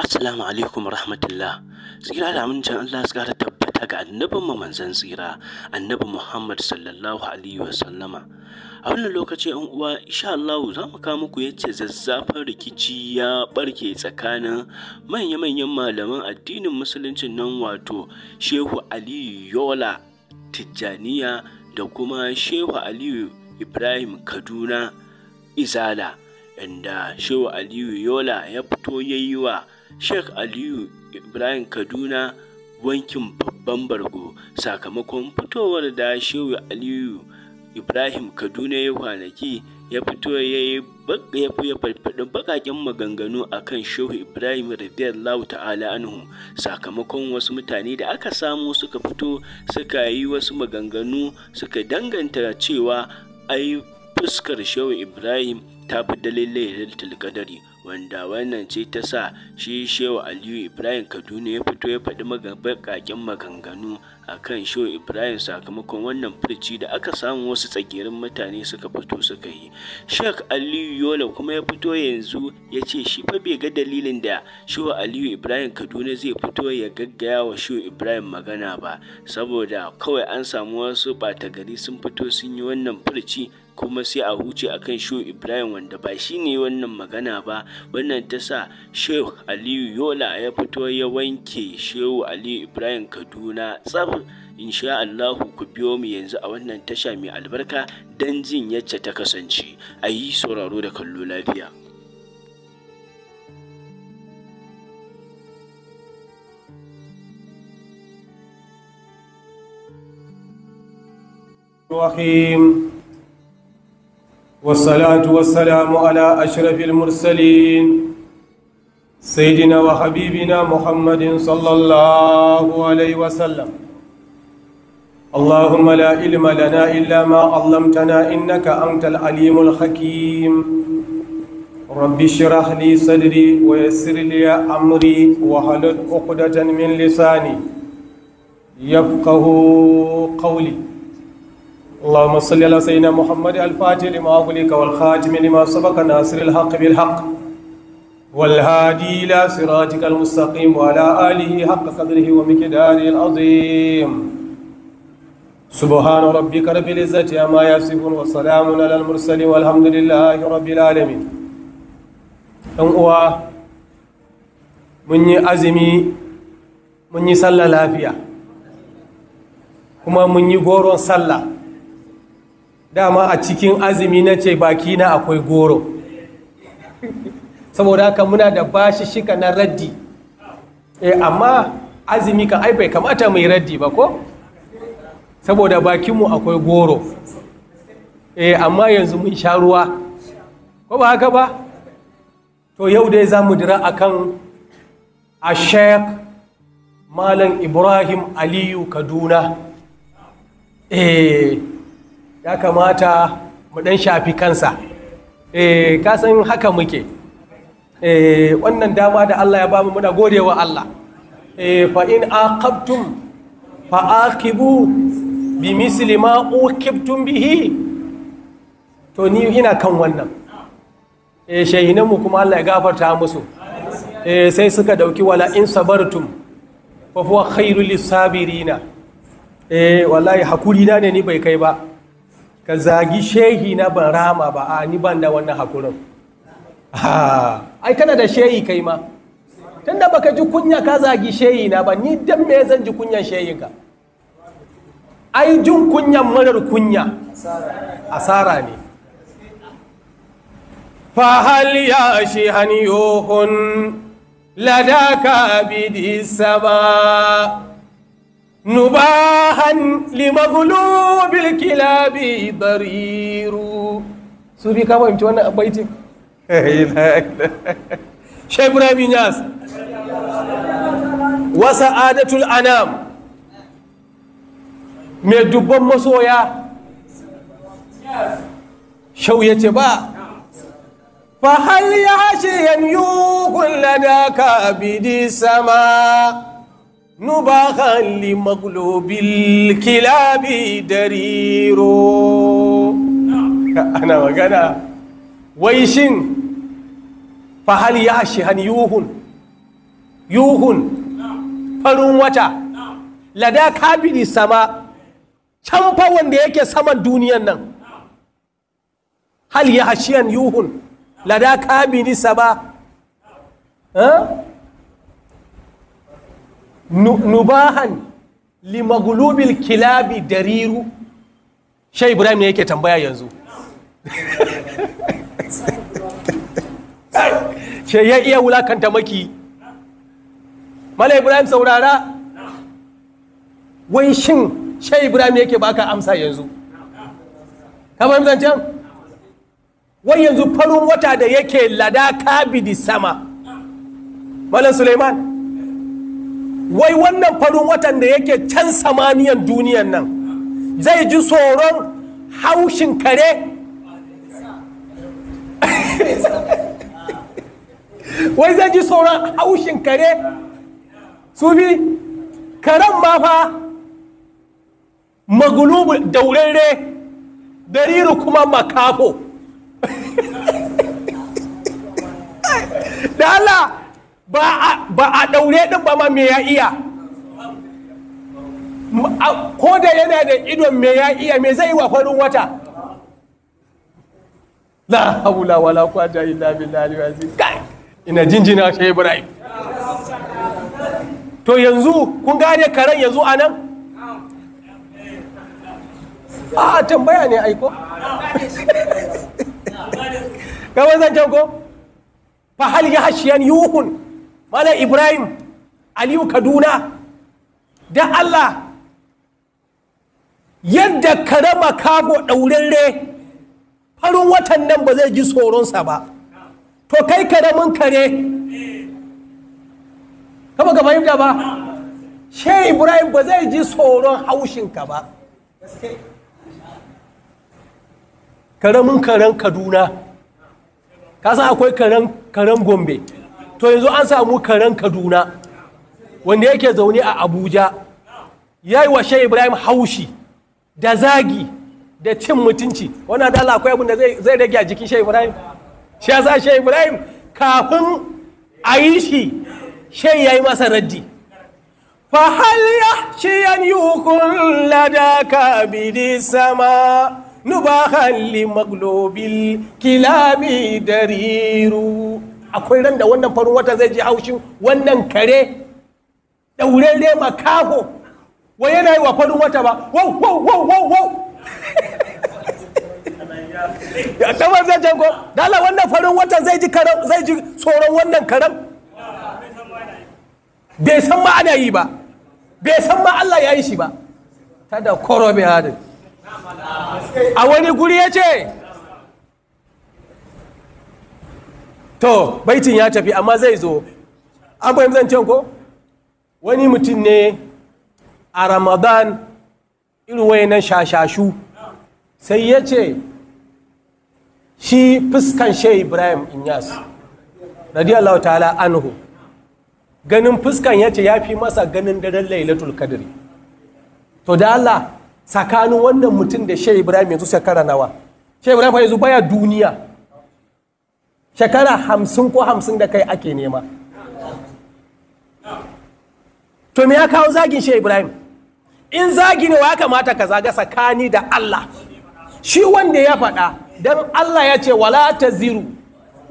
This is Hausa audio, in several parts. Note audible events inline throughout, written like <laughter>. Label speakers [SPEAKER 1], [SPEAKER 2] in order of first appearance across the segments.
[SPEAKER 1] Assalamu alaikum rahmatullah. Tsira da amincin Allah su kara tabbata ga annabin mu manzon tsira, annabi Muhammad sallallahu alaihi wa sallama. A wannan lokaci an uwa insha Allah za mu kawo muku yace zazzafan rikici ya barke tsakanin manya-manyan malaman addinin musulunci nan wato Shehu Aliyu Yola Tijjaniya da kuma Shehu Aliyu Ibrahim Kaduna Izala. Inda Shehu Aliyu Yola ya fito yayi wa Sheikh Aliyu Ibrahim Kaduna wankin babban bargo sakamakon fitowar da Shehu Aliyu Ibrahim Kaduna ya kwanaki ya fito ya yi ya farfaɗi baƙaƙen maganganu a kan Shehu Ibrahim radiyallahu ta'ala anhu sakamakon wasu mutane da aka samu suka fito suka yi wasu maganganu suka danganta cewa ai fuskar Shehu Ibrahim ta fi dalilai da kadari wanda wannan ce ta sa shi shehu aliyu ibrahim kaduna ya fito ya faɗi magabakakin maganganu a kan shehu ibrahim sakamakon wannan furci da aka samu wasu tsagerin mutane suka fito suka yi shek aliyu yola kuma ya fito yanzu ya ce shi fa bai ga dalilin da shehu aliyu ibrahim kaduna zai fito ya gaggaya wa shehu ibrahim magana ba saboda kawai an samu wasu ɓata sun fito sun yi wannan furci kuma sai a huce a kan shehu ibrahim wanda ba shi ne wannan magana ba wannan ta sa shehu aliyu yola ya fito ya wanke shehu aliyu ibrahim kaduna tsaf insha Allahu ku biyo mu yanzu a wannan tasha mai albarka don jin yacce ta kasance a yi sauraro da kallo lafiya.
[SPEAKER 2] والصلاة والسلام على أشرف المرسلين سيدنا وحبيبنا محمد صلى الله عليه وسلم اللهم لا علم لنا إلا ما علمتنا إنك أنت العليم الحكيم رب اشرح لي صدري ويسر لي أمري وحلل عقدة من لساني يفقه قولي اللهم صل على سيدنا محمد الفاتح لما أغلق والخاتم لما سبق ناصر الحق بالحق والهادي إلى صراطك المستقيم وعلى آله حق قدره ومقداره العظيم سبحان ربك رب العزة عما يصفون وسلام على المرسلين والحمد لله رب العالمين ɗan uwa mun yi azumi mun yi sallah lafiya kuma mun yi goron sallah dama a cikin azumi na ce bakina na akwai goro saboda haka muna da bashi shika na raddi e amma azumi kan ai bai kamata mai raddi ba ko saboda bakinmu akwai goro e amma yanzu mun sha ruwa ko ba haka ba to yau dai za mu dira akan a malam ibrahim aliyu kaduna eh ya kamata mu ɗan shafi kansa eh san haka muke eh wannan dama da Allah ya mu muna gode wa Allah eh fa in aqabtum fa aqibu bi misli ma uqibtum bihi to ni ina kan wannan eh mu kuma Allah ya gafarta musu eh sai suka dauki wala in sabartum fa huwa khairul lisabirina eh wallahi hakuri da ne ni bai kai ba ka zagi shehi na ban rama ba a ni ban da wannan hakurin ai kana da shehi kai ma da baka ji kunya ka zagi shehi na ba ni dan me zan ji kunyan shehin ka ai jin kunyan marar kunya asara ne fahal ya shi hanyohun
[SPEAKER 1] ladaka
[SPEAKER 2] bidi sama نباها لمغلوب الكلاب ضرير سوري كما يمتي وانا بيتي شيخ ابراهيم ناس وسعادة الأنام mai dubban masoya shauye ce ba fa hal ya hashe yan yi kulla ka bidi sama نباغا لمقلوب الكلاب دريرو أنا وقنا ويشن فهل يعشي هن يوهن يوهن فرون وتا لدى كابد السماء can fa wanda yake saman duniyan nan hal ya hashiyan yuhun lada kabini sama nubahan limagulubil kilabi dariru shai ibrahim ne yake tambaya yanzu shai ya iya wulakanta maki mala ibrahim saurara wai shin shai ibrahim ne yake baka amsa yanzu kama yi zancen wai yanzu farin wata da yake lada kabidi sama malam suleiman wai wannan farin watan da yake can samaniyan duniyan nan zai ji tsoron haushin kare <laughs> wai zai ji tsoron haushin kare su bi karen ma fa magulubu daurere dariru kuma makafo <laughs> da Allah ba a daure din ba ma me ya iya ko da yana da idon me ya iya me zai wa farin wata la haula wala quwwata illa billahi al-aziz kai ina jinjina shi ibrahim to yanzu kun gane karen yanzu anan a tambaya ne aiko <laughs> ga zan ko fa hal yahshiyan yuhun malam ibrahim aliyu kaduna da allah yadda ka kago ɗaurarre farin watan nan ba zai ji tsoronsa ba to kai karamin kare kama ka fahimta ba she ibrahim ba zai ji tsoron haushinka ba karamin karen kaduna kasan akwai karen gombe to yanzu an samu karen kaduna wanda yake zaune a abuja ya yi wa shai ibrahim haushi da zagi da cin mutunci wannan da Allah akwai abin da zai rage a jikin shai ibrahim shi yasa shai ibrahim kafin a yi shi shai ya yi masa raddi fahal shi yan yi hukun ladaka bidi sama nubahan li maglobil kilabi dariru akwai ran da wannan farin wata zai ji haushin wannan kare daurere makaho wai yana yi wa farin wata ba wow wow wow wow wow kamar zai jango dala wannan farin wata zai ji karam zai ji tsoron wannan karam bai san ma ana yi ba bai san ma Allah ya yi shi ba tada koro mai hadin a wani guri ya ce to baitin ya tafi amma zai zo an fahimci zancen ko wani mutum ne a ramadan irin na shashashu sai ya ce shi fuskan shehu ibrahim inyas radiyallahu ta'ala anhu ganin fuskan ya ce ya fi masa ganin daren lailatul kadiri to da allah tsakanin wannan mutum da shehu ibrahim yanzu shekara nawa shehu ibrahim yanzu baya duniya shekara hamsin ko hamsin da kai ake nema to me ya kawo zagin shi ibrahim in zagi ne wa kamata ka zaga tsakani da allah shi wanda ya faɗa don allah ya ce wala ta ziru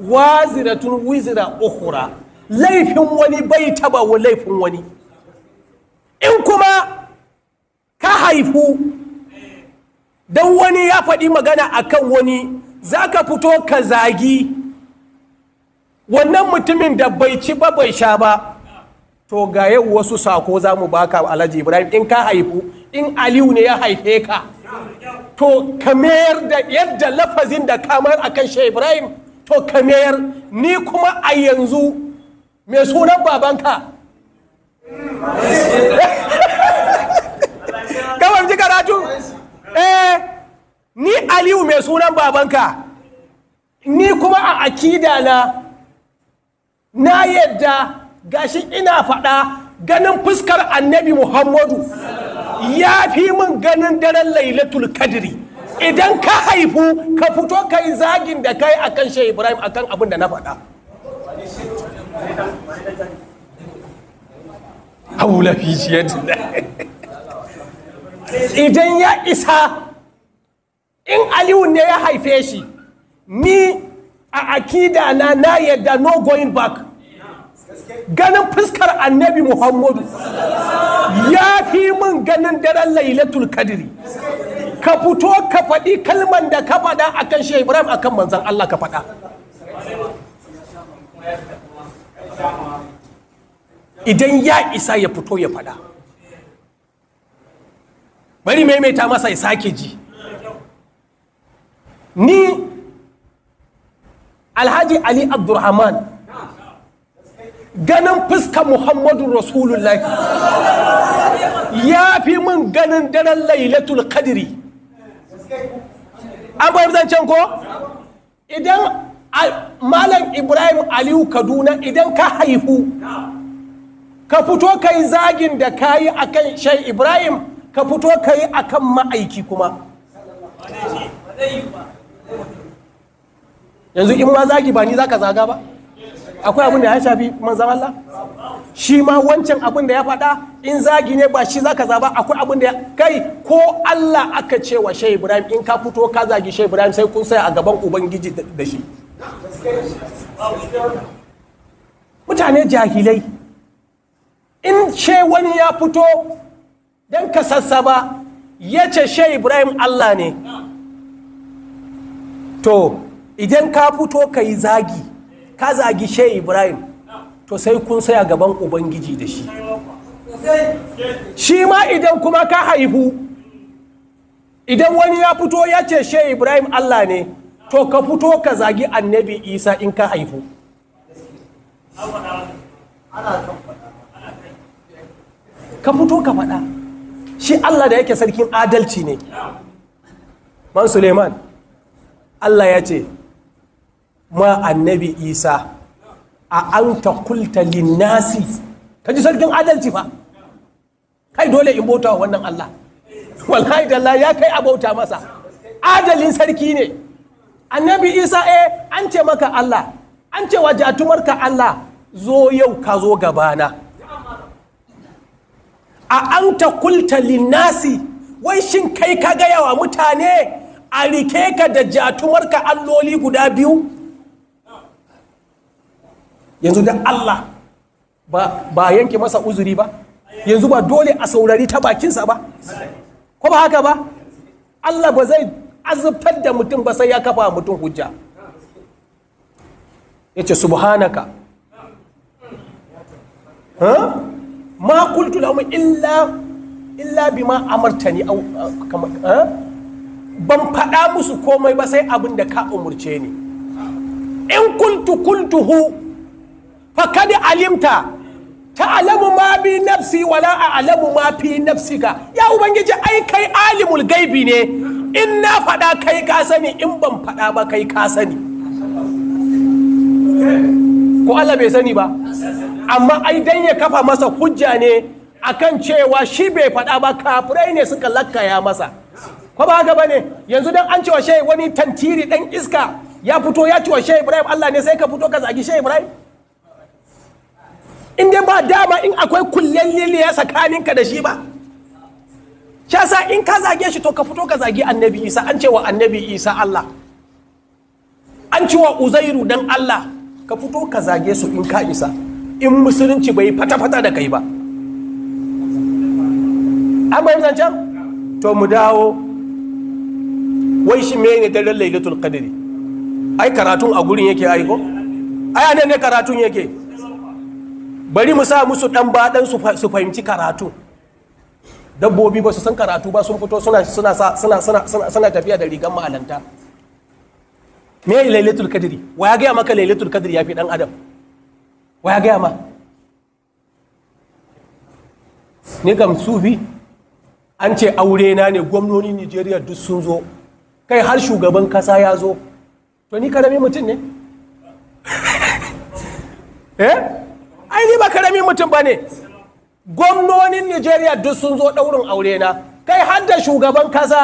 [SPEAKER 2] waziratun wizira ukura laifin wani bai taba laifin wani in kuma ka haifu don wani ya faɗi magana akan wani za ka fito ka zagi wannan mutumin da bai ci ba bai sha ba to ga yau wasu sako za mu baka alhaji ibrahim in ka haifu in aliyu ne ya haife ka to ka mayar da yadda lafazin da kamar akan shi ibrahim to ka mayar ni kuma a yanzu mai sunan babanka <laughs> kawai ji karatu eh ni aliyu mai sunan babanka ni kuma a akida na na yadda gashi ina faɗa ganin fuskar annabi muhammadu ya fi min ganin daren lailatul kadiri idan ka haifu ka fito ka yi zagin da kai akan shi ibrahim akan abin da na faɗa haula fi <laughs> idan ya isa in aliyu ne ya haife shi ni a akida na na yadda no going back ganin fuskar annabi muhammadu ya fi min ganin daren lailatul kadiri ka fito ka faɗi kalman da ka faɗa a kan shi ibrahim a kan manzan allah ka faɗa idan ya isa ya fito ya faɗa bari maimaita masa ya sake ji ni alhaji ali abdurrahman ganin fuska muhammadu rasulullahi ya fi mun ganin daren lailatul kadiri an bayar zancen ko idan malam ibrahim aliyu kaduna idan ka haihu ka fito ka yi zagin da ka yi a kan shai ibrahim ka fito ka yi a kan ma'aiki kuma yanzu in ma zagi ba ni zaka zaga ba akwai abin da ya shafi manzo Allah shi ma wancan abin da ya faɗa in zagi ne ba shi zaka zaba akwai abin da kai ko Allah aka ce wa Shehu Ibrahim in ka fito ka zagi Shehu Ibrahim sai kun sai a gaban ubangiji da shi mutane jahilai in ce wani ya fito don ka sassaba ya ce Shehu Ibrahim Allah ne to idan ka fito ka yi zagi ka zagi she ibrahim to sai kun saya gaban ubangiji da shi shi ma idan kuma ka haihu idan wani ya fito ya ce she ibrahim allah ne to ka fito ka zagi annabi isa in ka haihu ka fito ka faɗa shi allah da yake sarkin adalci ne man suleiman allah ya ce ma annabi isa a an ta kulta linnasi ka ji sarkin adalci fa kai dole in bauta wa wannan allah <laughs> wallahi dalla ya kai a bauta masa adalin sarki ne annabi isa e an ce maka allah an ce wa jatumarka allah zo yau ka zo gabana a an ta kulta linnasi wai shin kai ka gaya wa mutane a rike ka da jatumarka alloli guda biyu yanzu da Allah ba yanke masa uzuri ba yanzu ba dole a saurari ta bakinsa ba ko ba haka ba Allah ba zai azabtar da mutum ba sai ya kafa mutum hujja ya ce subhanaka ma kultu lahum illa illa bima amartani ban faɗa musu komai ba sai abin da ka umurce ni in kuntu kultuhu fakadi alimta ta ma bi nafsi wala a a'lamu ma fi nafsika ya ubangiji ai kai alimul gaibi ne in na faɗa kai ka sani in ban faɗa ba kai ka sani ko Allah bai sani ba amma ai dan ya kafa masa hujja ne akan cewa shi bai faɗa ba kafirai ne suka lakkaya masa ko ba haka bane yanzu dan an cewa shehi wani tantiri dan iska ya fito ya cewa shehi Ibrahim Allah ne sai ka fito ka zagi shehi Ibrahim in dai ba dama in akwai kullen liliya tsakaninka da shi ba sha sa in ka zage shi to ka fito ka zagi annabi isa an cewa annabi isa allah an cewa uzairu dan allah ka fito ka zage su in ka isa in musulunci bai fata-fata da kai ba amma yin zancen to mu dawo wai shi mene daren lailatul qadri ai karatun a gurin yake aiko ai ne karatun yake bari mu sa musu dan baɗan su fahimci karatu dabbobi ba su san karatu ba sun fito suna tafiya da rigan ma'alanta me ya lailatul kadiri wa ya gaya maka lailatul kadiri ya fi dan adam wa ya gaya ma ni kam sufi an ce aure na ne gwamnonin nigeria duk sun zo kai har shugaban kasa ya zo to ni karami mutum ne <laughs> eh ai ni ba karamin mutum ba ne gwamnonin nigeria duk sun zo ɗaurin aure na kai har da shugaban kasa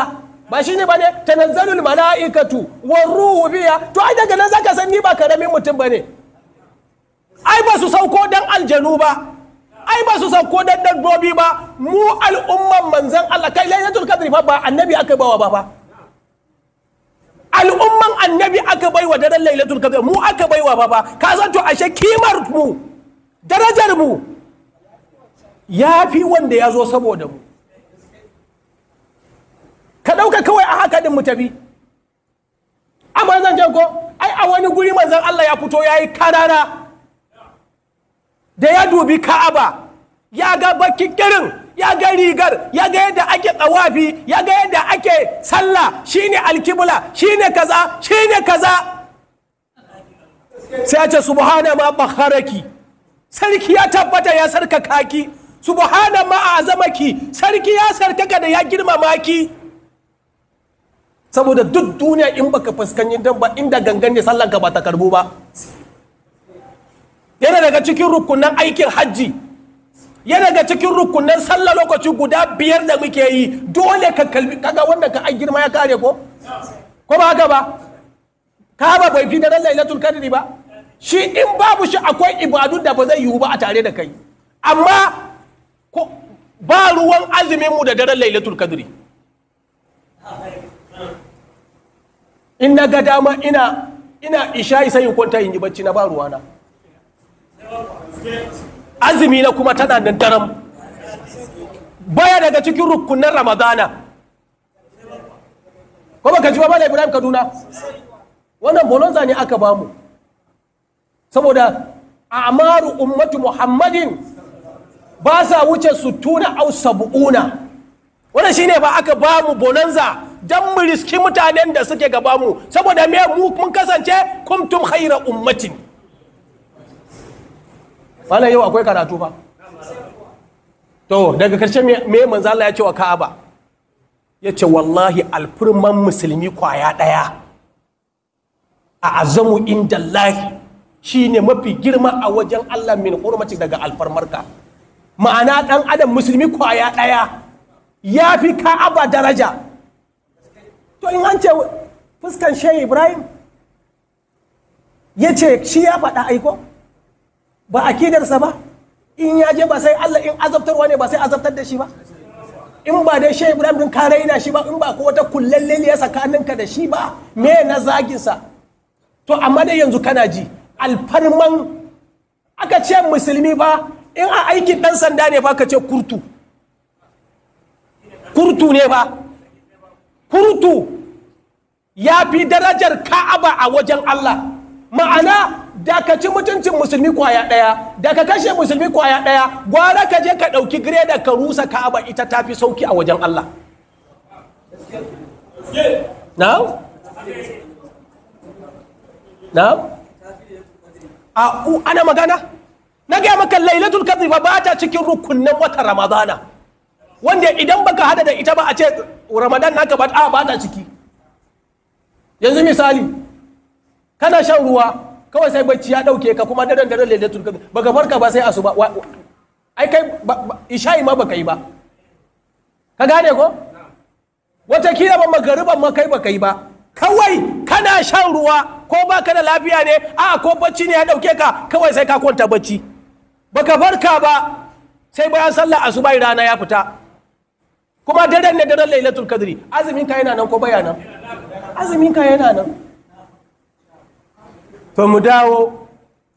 [SPEAKER 2] ba shi ne ba ne tanazzalul mala'ikatu war ruhu biya to ai daga nan zaka san ni ba karamin mutum ba ne ai ba su sauko dan aljanu ba ai ba su sauko dan dabbobi ba mu al'umman manzan Allah kai lailatul qadri fa ba annabi aka bawa ba fa al'umman annabi aka baiwa daren lailatul qadri mu aka baiwa ba fa ka san to ashe kimar mu darajar mu ya fi wanda ya zo saboda mu ka ɗauka kawai a haka ɗin mu tafi amma zan ce ko ai a wani guri manzan Allah ya fito ya yi karara da ya dubi ka'aba ya ga bakin kirin ya ga rigar ya ga yadda ake tsawafi ya ga yadda ake sallah shine alkibla shine kaza shine kaza sai ya ce subhana ma bakharaki sarki ya tabbata ya sarkaka ki subhana ma azamaki sarki ya sarkaka da ya girmama ki saboda duk duniya in baka fuskanci dan ba inda gangan ne sallan ka ba ta karbo ba yana daga cikin rukunan aikin hajji yana daga cikin rukunan sallah lokaci guda biyar da muke yi dole ka kalbi kaga wanda ka an girma ya kare ko ko ba haka ba ka ba bai fi da lailatul kadri ba shi in babu shi akwai ibadun da ba zai yiwu ba a tare da kai amma ba ruwan azumin mu da daren lailatul kadri in na ga dama ina ina isha sai yin kwanta yin bacci na ba ruwana azumi na kuma tana nan daram baya daga cikin rukunan ramadana ko ka ji ba ibrahim kaduna wannan bolonza ne aka bamu saboda amaru ummatu muhammadin ba sa wuce tuna au sab'una wannan shine ba aka ba mu bonanza dan mu riski mutanen da suke gaba mu saboda me mu mun kasance kumtum khaira ummatin wannan yau akwai karatu ba to daga karshe me manzo ya ce wa Ka'aba ya ce wallahi alfurman musulmi kwaya daya a azamu inda lahi Shi ne mafi girma a wajen Allah min hurmaci daga alfarmarka ma'ana dan adam musulmi kwaya daya ya fi ka'aba daraja to in an ce fuskan shehu ibrahim ya ce shi ya faɗa aiko ba a kidarsa ba in ya je ba sai Allah in azabtarwa ne ba sai azabtar da shi ba in ba dai shehu ibrahim din kare ina shi ba in ba ko wata kullalle ne tsakaninka da shi ba me na zaginsa to amma dai yanzu kana ji alfarman aka ce musulmi ba in a aikin ɗan sanda ne ba ka ce kurtu kurtu ne ba kurtu ya fi darajar ka'aba a wajen Allah ma'ana da ka ci mutuncin musulmi kwaya ɗaya da ka kashe musulmi kwaya ɗaya gwara ka je ka ɗauki da ka rusa ka'aba ita ta fi sauki a wajen Allah na? na? a u ana magana na gaya maka lailatul qadr ba ta cikin rukunnan wata ramadana wanda idan baka hada da ita ba a ce ramadan naka ba a ba ta ciki yanzu misali kana shan ruwa kawai sai bacci ya dauke ka kuma daren daren lailatul qadr baka farka ba sai asuba ai kai isha'i ma baka yi ba ka gane ko wata kila ba magariban ma kai baka yi ba kawai kana shan ruwa ko ba ka da lafiya ne a ko bacci ne ya dauke ka kawai sai ka kwanta bacci baka farka ba sai bayan sallah asuba rana ya fita kuma daren ne daren lailatul kadri azumin ka yana nan ko baya nan azumin ka yana nan fa mu dawo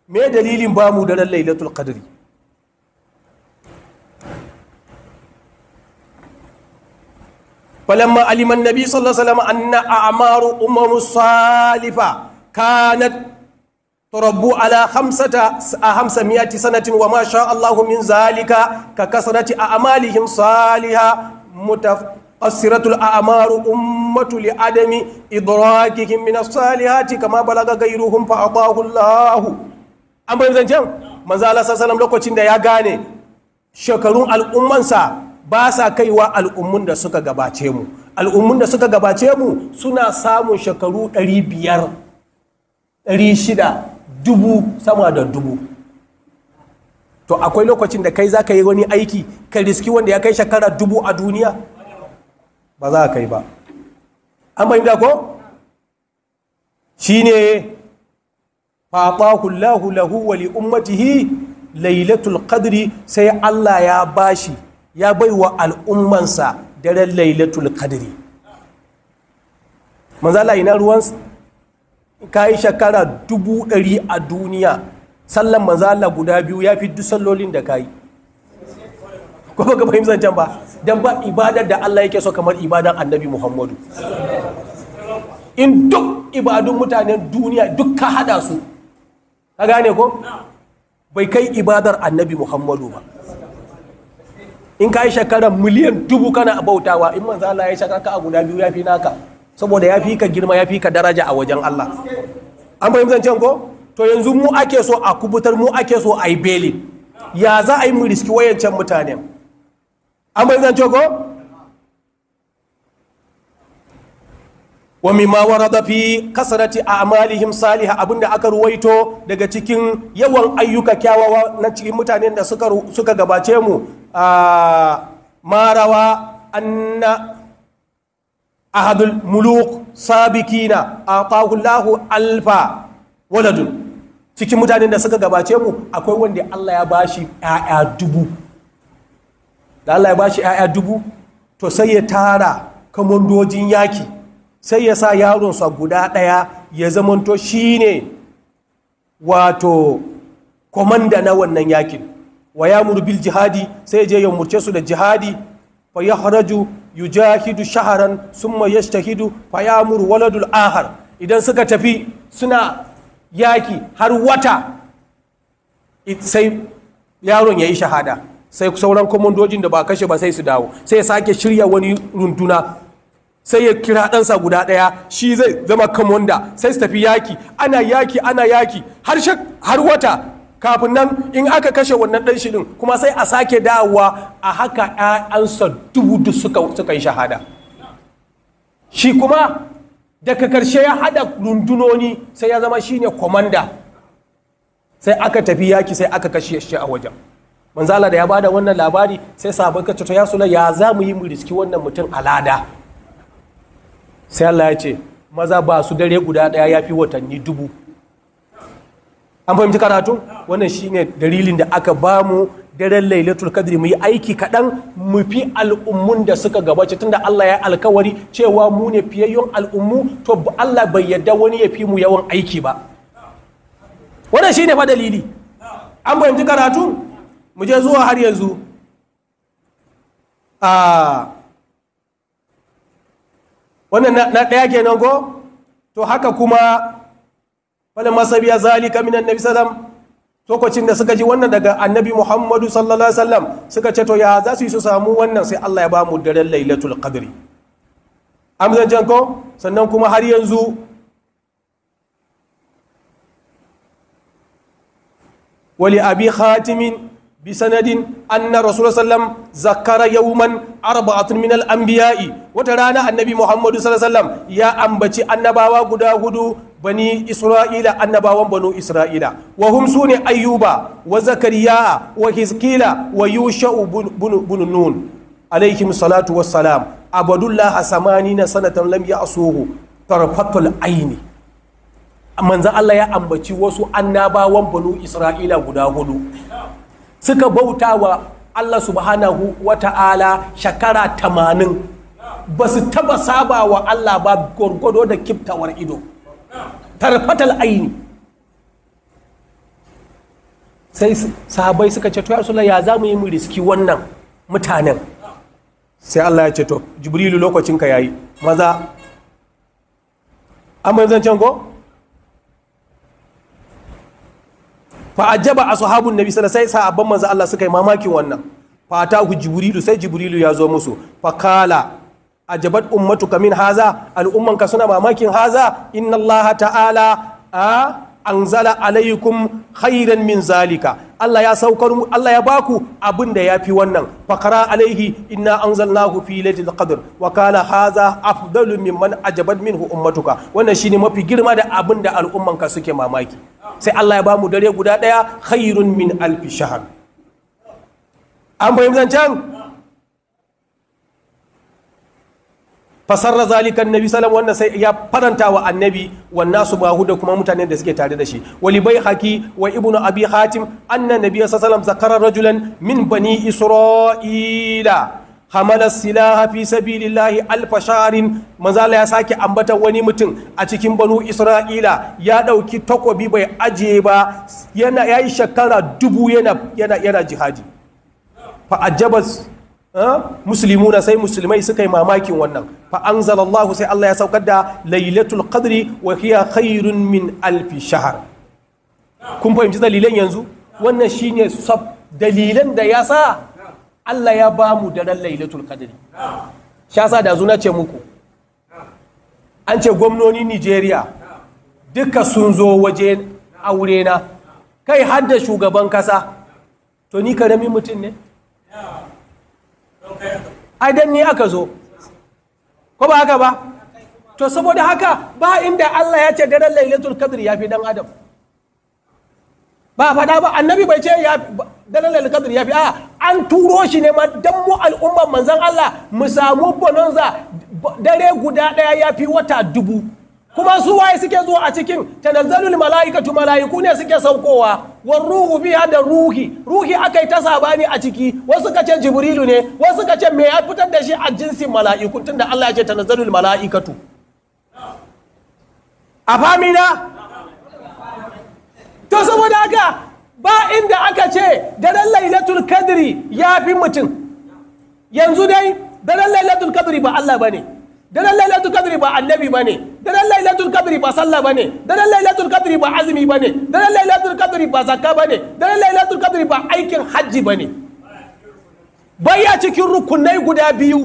[SPEAKER 2] me dalilin ba mu daren lailatul kadri فلما علم النبي صلى الله عليه وسلم ان اعمار امم الصالفه kanat rabu ala hamsata a hamsa miyati sanatin wa ma sha min zalika ka a amalihim saliha mutafassiratul a'maru ummatu adami idrakihim min salihati kama balaga gairuhum fa adahu Allah an bayan zancen manzo Allah sallallahu lokacin da ya gane shekarun al'ummansa ba sa kaiwa al'ummun da suka gabace mu al'ummun da suka gabace mu suna samun shekaru biyar. ɗari shida dubu sama da dubu to akwai lokacin da kai za ka yi wani aiki ka riski wanda ya kai shekara dubu a duniya ba za ka yi ba an da ko shi ne faɓahullahu lahu wali lailatul qadri sai Allah ya bashi ya baiwa al'ummansa daren lailatul qadri manzala ina ruwan ka yi shekara dubu ɗari a duniya sallan Manzala guda biyu ya fi duk da ka yi ko ba ka fahimtar can ba dan ba ibadar da Allah yake so kamar ibadar annabi Muhammadu in duk ibadun mutanen duniya duk ka hada su ka gane ko bai kai ibadar annabi Muhammadu ba in ka yi shekara miliyan dubu kana bautawa in Manzala ya ya shekara ka guda biyu ya fi naka saboda ya fi ka girma ya fi ka daraja a wajen Allah an fahimtar can ko to yanzu mu ake so a kubutar mu ake so a yi beli ya za a yi mu riski wayancan mutane an fahimtar can ko wa mimma warada fi kasarati a'malihim salihah abinda aka ruwaito daga cikin yawan ayyuka kyawawa na cikin mutanen da suka suka gabace mu a ah, marawa anna ahadul muluk sabikina atahu Allahu alfa waladun cikin mutanen da suka gabace mu akwai wanda Allah ya bashi ƴaƴa dubu da Allah ya bashi ƴaƴa dubu to sai ya tara kamandojin yaki sai ya sa yaronsa guda ɗaya ya zamanto shine wato komanda na wannan yakin wa ya bil jihadi sai je ya murce su da jihadi fa ja yujahidu shaharan summa yashtahidu fa yamuru waladul ahar idan suka tafi suna yaki har wata sai yaron ya yi shahada sai sauran komandojin da ba kashe ba sai su dawo sai ya sake shirya wani runduna sai ya kira ɗansa guda ɗaya shi zai zama kamanda sai su tafi yaki ana yaki ana yaki har wata kafin nan in aka kashe wannan dan shirin, kuma sai a sake dawowa a haka ƴaƴansa dubu duk suka yi shahada shi kuma daga karshe ya hada rundunoni sai ya zama shine komanda sai aka tafi yaki sai aka kashe shi a wajen manzala da ya bada wannan labari sai sabon kacce ya sula ya za mu yi mu riski wannan mutum alada sai Allah ya ce maza ba su dare guda daya ya fi watanni dubu an fahimci karatu wannan shine dalilin da aka bamu daren lailatul kadri mu aiki kaɗan mu fi al'ummun da suka gabace tunda Allah ya alkawari cewa mu ne fiyayyun al'ummu to Allah bai yadda wani ya fi mu yawan aiki ba wannan shine fa dalili an fahimci karatu mu je zuwa har yanzu a ah, wannan na ɗaya kenan ko to haka kuma falamma sabiya zalika minan nabi sallam lokacin da suka ji wannan daga annabi muhammadu sallallahu alaihi wasallam suka ce to ya za su yi su samu wannan sai allah ya ba mu daren lailatul qadri amzan janko sannan kuma har yanzu wali abi khatimin bi sanadin anna rasulullah sallam zakara yawman arba'atun min al-anbiya'i wata rana annabi muhammadu sallallahu alaihi wasallam ya ambaci annabawa guda hudu bani isra'ila annabawan banu isra'ila wa hum sune ayyuba wa zakariya wa hizkila wa yusha'u bunu nun alaihim salatu wassalam abadullah samani na sanatan lam ya'suhu tarfatul aini manzo Allah ya ambaci wasu annabawan banu isra'ila guda hudu suka bauta wa Allah subhanahu wa ta'ala shekara tamanin ba su taba saba wa Allah ba gwargwado da kiftawar ido tarfatal aini sai sahabai suka ce to ya rasulullah ya za mu yi mu riski wannan mutanen sai Allah ya ce to jibrilu lokacin ka yi maza amma zancen ko fa a ashabun nabi sallallahu alaihi wasallam sai sahabban manzo Allah suka yi mamakin wannan fata ku jibrilu sai jibrilu ya zo musu fa kala ajabat ummatuka min haza al'ummanka suna mamakin haza inna Allah ta'ala a anzala alaikum khairan min zalika Allah ya saukar Allah ya baku abin da yafi wannan fakara alaihi inna anzalnahu fi lailatul qadr wa haza hadha afdalu mimman ajabat minhu ummatuka wannan shine mafi girma da abin da al'umman ka suke mamaki sai Allah ya bamu dare guda daya khairun min alfi shahr an fahimtan can fasarra zalika annabi sallam wannan sai ya faranta wa annabi wan nasu bahu da kuma mutanen da suke tare da shi wali bai haki wa ibnu abi hatim anna nabiyyu sallam zakara rajulan min bani isra'ila hamala silaha fi sabilillahi alfasharin sharin manzala ya sake ambata wani mutum a cikin banu isra'ila ya dauki takobi bai ajiye ba yana yayi shekara dubu yana yana yana jihadi fa ajabas musulmuna sai musulmai suka yi mamakin wannan fa an anzalallahu sai Allah ya saukar da lailatul qadri wa hiya khairun min alfi shahar kun fahimci dalilan yanzu wannan shine sab dalilan da ya sa Allah ya ba mu daren lailatul qadri sha sa da zuna ce muku an ce gwamnoni Nigeria duka sun zo waje aure na kai hadda shugaban kasa to ni karami mutum ne ai dan ni aka zo ko ba haka ba to saboda haka ba inda Allah ya ce daren lailatul qadr ya fi dan adam ba faɗa ba annabi bai ce ya daren lailatul qadr ya fi a an turo shi ne ma dan mu al'umman manzon Allah mu samu bononza dare guda daya ya fi wata dubu kuma su waye suke zuwa a cikin tanazzalul mala'ikatu mala'iku ne suke saukowa war ruhu biha da ruhi ruhi akai ta sabani a ciki wasu kace jibrilu ne wasu kace me ya fitar da shi a jinsin mala'iku tunda Allah ya ce tanazzalul mala'ikatu a famina to saboda haka ba inda aka ce daren lailatul kadri ya fi mutum yanzu dai daren lailatul kadri ba Allah bane daren lailatul kadri ba annabi bane daren lailatul kadri ba sallah bane daren lailatul kadri ba azumi bane daren lailatul kadri ba zakka bane daren lailatul kadri ba aikin hajji bane baya cikin rukunai guda biyu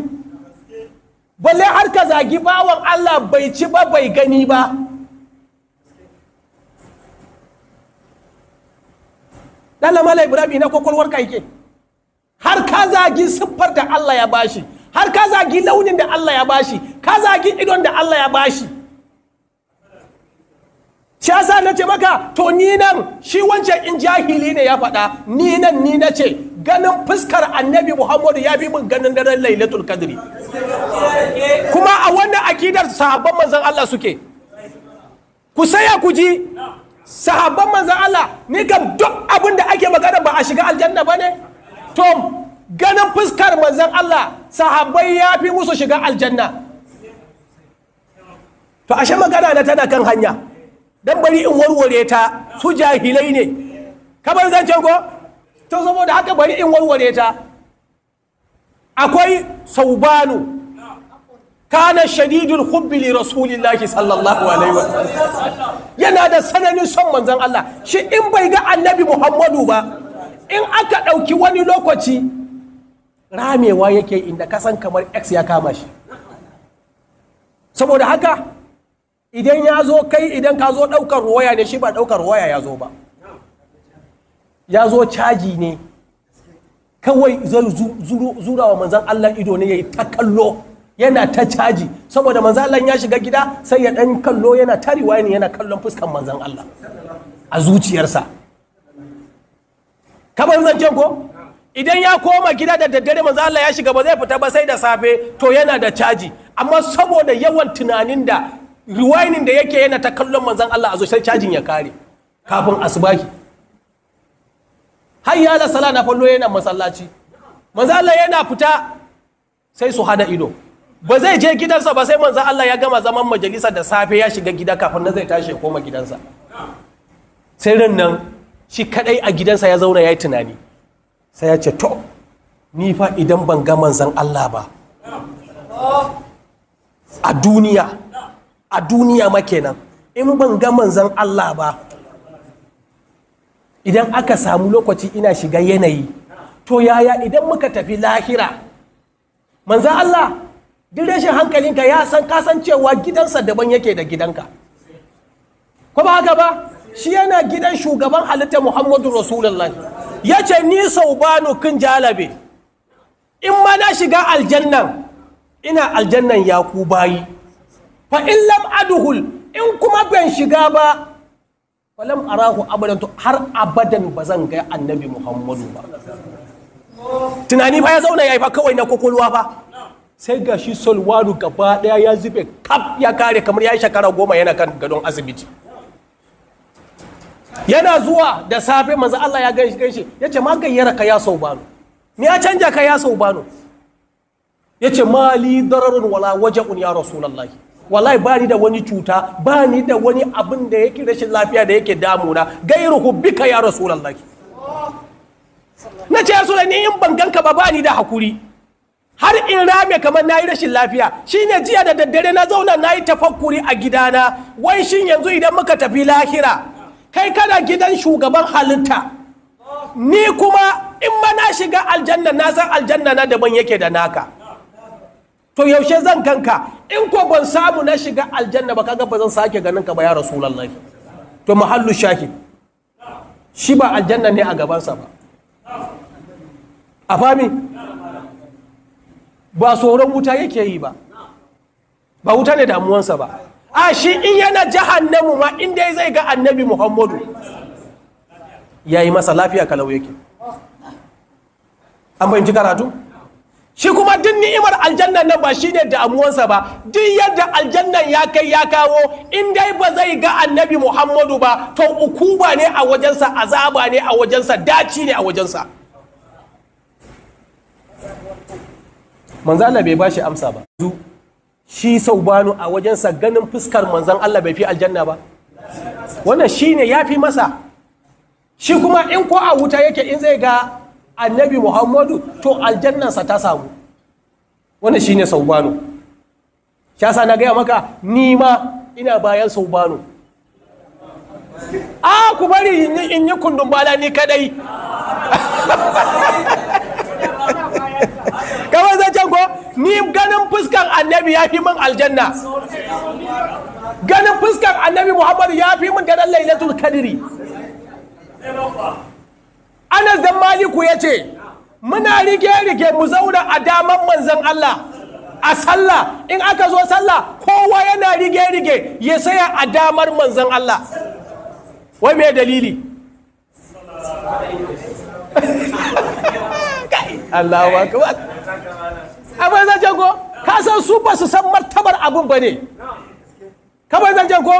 [SPEAKER 2] balle har ka zagi bawan Allah bai ci ba bai gani ba dan lamala ibrahim na kwakwalwar ka yake har ka zagi siffar da Allah ya bashi har ka zagi launin da Allah ya bashi ka zagi idon da Allah ya bashi shi yasa na ce maka to ni nan shi wancan in jahili ne ya faɗa ni nan ni na ce ganin fuskar annabi muhammadu ya bi min ganin daren lailatul kadri kuma a wannan akidar sahabban manzon Allah suke ku saya ku ji sahabban manzon Allah ni kam duk abin da ake magana ba a shiga aljanna ba ne to ganin fuskar manzan Allah sahabbai ya fi musu shiga aljanna to ashe magana na tana kan hanya don bari in warware ta su jahilai ne kamar zancen ko to saboda haka bari in warware ta akwai saubanu kana shadidul hubbi li rasulillahi sallallahu alaihi wa yana da sananin son manzan Allah shi in bai ga annabi Muhammadu ba in aka ɗauki wani lokaci ramewa yake inda kasan kamar x ya kama shi saboda haka idan ya zo kai idan ka zo ɗaukar waya ne shi ba ɗaukar waya ya zo ba ya zo caji ne kawai zura wa manzan Allah ido ne ya yi ta kallo yana ta caji saboda manzan Allah ya shiga gida sai ya ɗan kallo yana tarewa ne yana kallon fuskan manzan Allah a zuciyarsa kamar zan ko idan ya koma gida da daddare manzo Allah ya shiga ba zai fita ba sai da safe to yana da caji amma saboda yawan tunanin da rewinding da yake yana ta kallon manzon Allah a zuciyar cajin ya kare kafin asbahi har yala sala na fallo yana masallaci manzo Allah yana fita sai su hada ido ba zai je gidansa ba sai manzo Allah ya gama zaman majalisa da safe ya shiga gida kafin na zai tashi ya koma gidansa sai ran nan shi kadai a gidansa ya zauna ya yi tunani sai ya ce to ni fa idan ban ga manzan Allah ba a duniya a duniya ma kenan in ban ga manzan Allah ba idan aka samu lokaci ina shiga yanayi to yaya idan muka tafi lahira manzan Allah duk rashin hankalinka ya san kasancewa gidansa daban yake da gidanka ko ba haka ba shi yana gidan shugaban halitta muhammadu rasulullahi ya ce ni sau banu kin jalabe in ma na shiga aljannan ina aljannan ya ku bayi fa in lam aduhul in kuma ban shiga ba falam arahu abadan to har abadan ba zan ga annabi muhammadu ba tunani ba ya zauna ya yi ba kawai na kwakwalwa ba sai ga shi solwaru gaba daya ya zube kaf ya kare kamar ya yi shekara goma yana kan gadon asibiti yana zuwa da safe manzo Allah ya shi Ya ce ma gayyara ka ya sau bano me ya canja ka ya sau bano ma mali dararun wala waja'un ya rasulullahi wallahi ba ni da wani cuta ba ni da wani abin da yake rashin lafiya da yake damuna gairu hubbika ya rasulullahi na ce yasu ni in ban ganka ba ba ni da hakuri har in rame kamar na yi rashin lafiya shine jiya da daddare na zauna na yi tafakkuri a gidana wai shin yanzu idan muka tafi lahira kai kana gidan shugaban halitta ni kuma in ma na shiga aljanna na san aljanna na daban yake da naka to yaushe zan kanka in ko ban samu na shiga aljanna ba kaga ba zan sake ganin ka ba ya rasulullahi to mahallu shahid shi ba aljanna ne a gabansa ba a fami ba tsoron wuta yake yi ba ba wuta ne damuwansa ba a shi in yana jahannamu ma inda zai ga annabi muhammadu ya yi masa lafiya kalau yake an fahimci karatu shi kuma duk ni'imar aljannan nan ba shi ne damuwansa ba duk yadda aljannan ya kai ya kawo in dai ba zai ga annabi muhammadu ba to ba ne a wajensa azaba ne a wajensa daci ne a wajensa manzana bai ba shi amsa ba shi saubanu a wajensa ganin fuskar manzan Allah bai fi aljanna ba wannan shi ne ya fi masa shi kuma in ko a wuta yake in zai ga annabi muhammadu to aljannansa ta samu wannan shi ne saubanu shasa na gaya maka nima ina bayan saubanu a ah, ku bari in yi kundin bala ni kadai <laughs> ni ganin fuskar annabi ya fi min aljanna ganin fuskar annabi muhammad ya fi min ganin lailatul kadiri anas dan maliku ya ce muna rige-rige mu zauna a daman manzan allah a sallah in aka zo sallah kowa yana rige-rige ya saya a damar manzan allah wai mai dalili wa <laughs> abin zan janko ka san su ba su san martabar abin ba ne kamar zan janko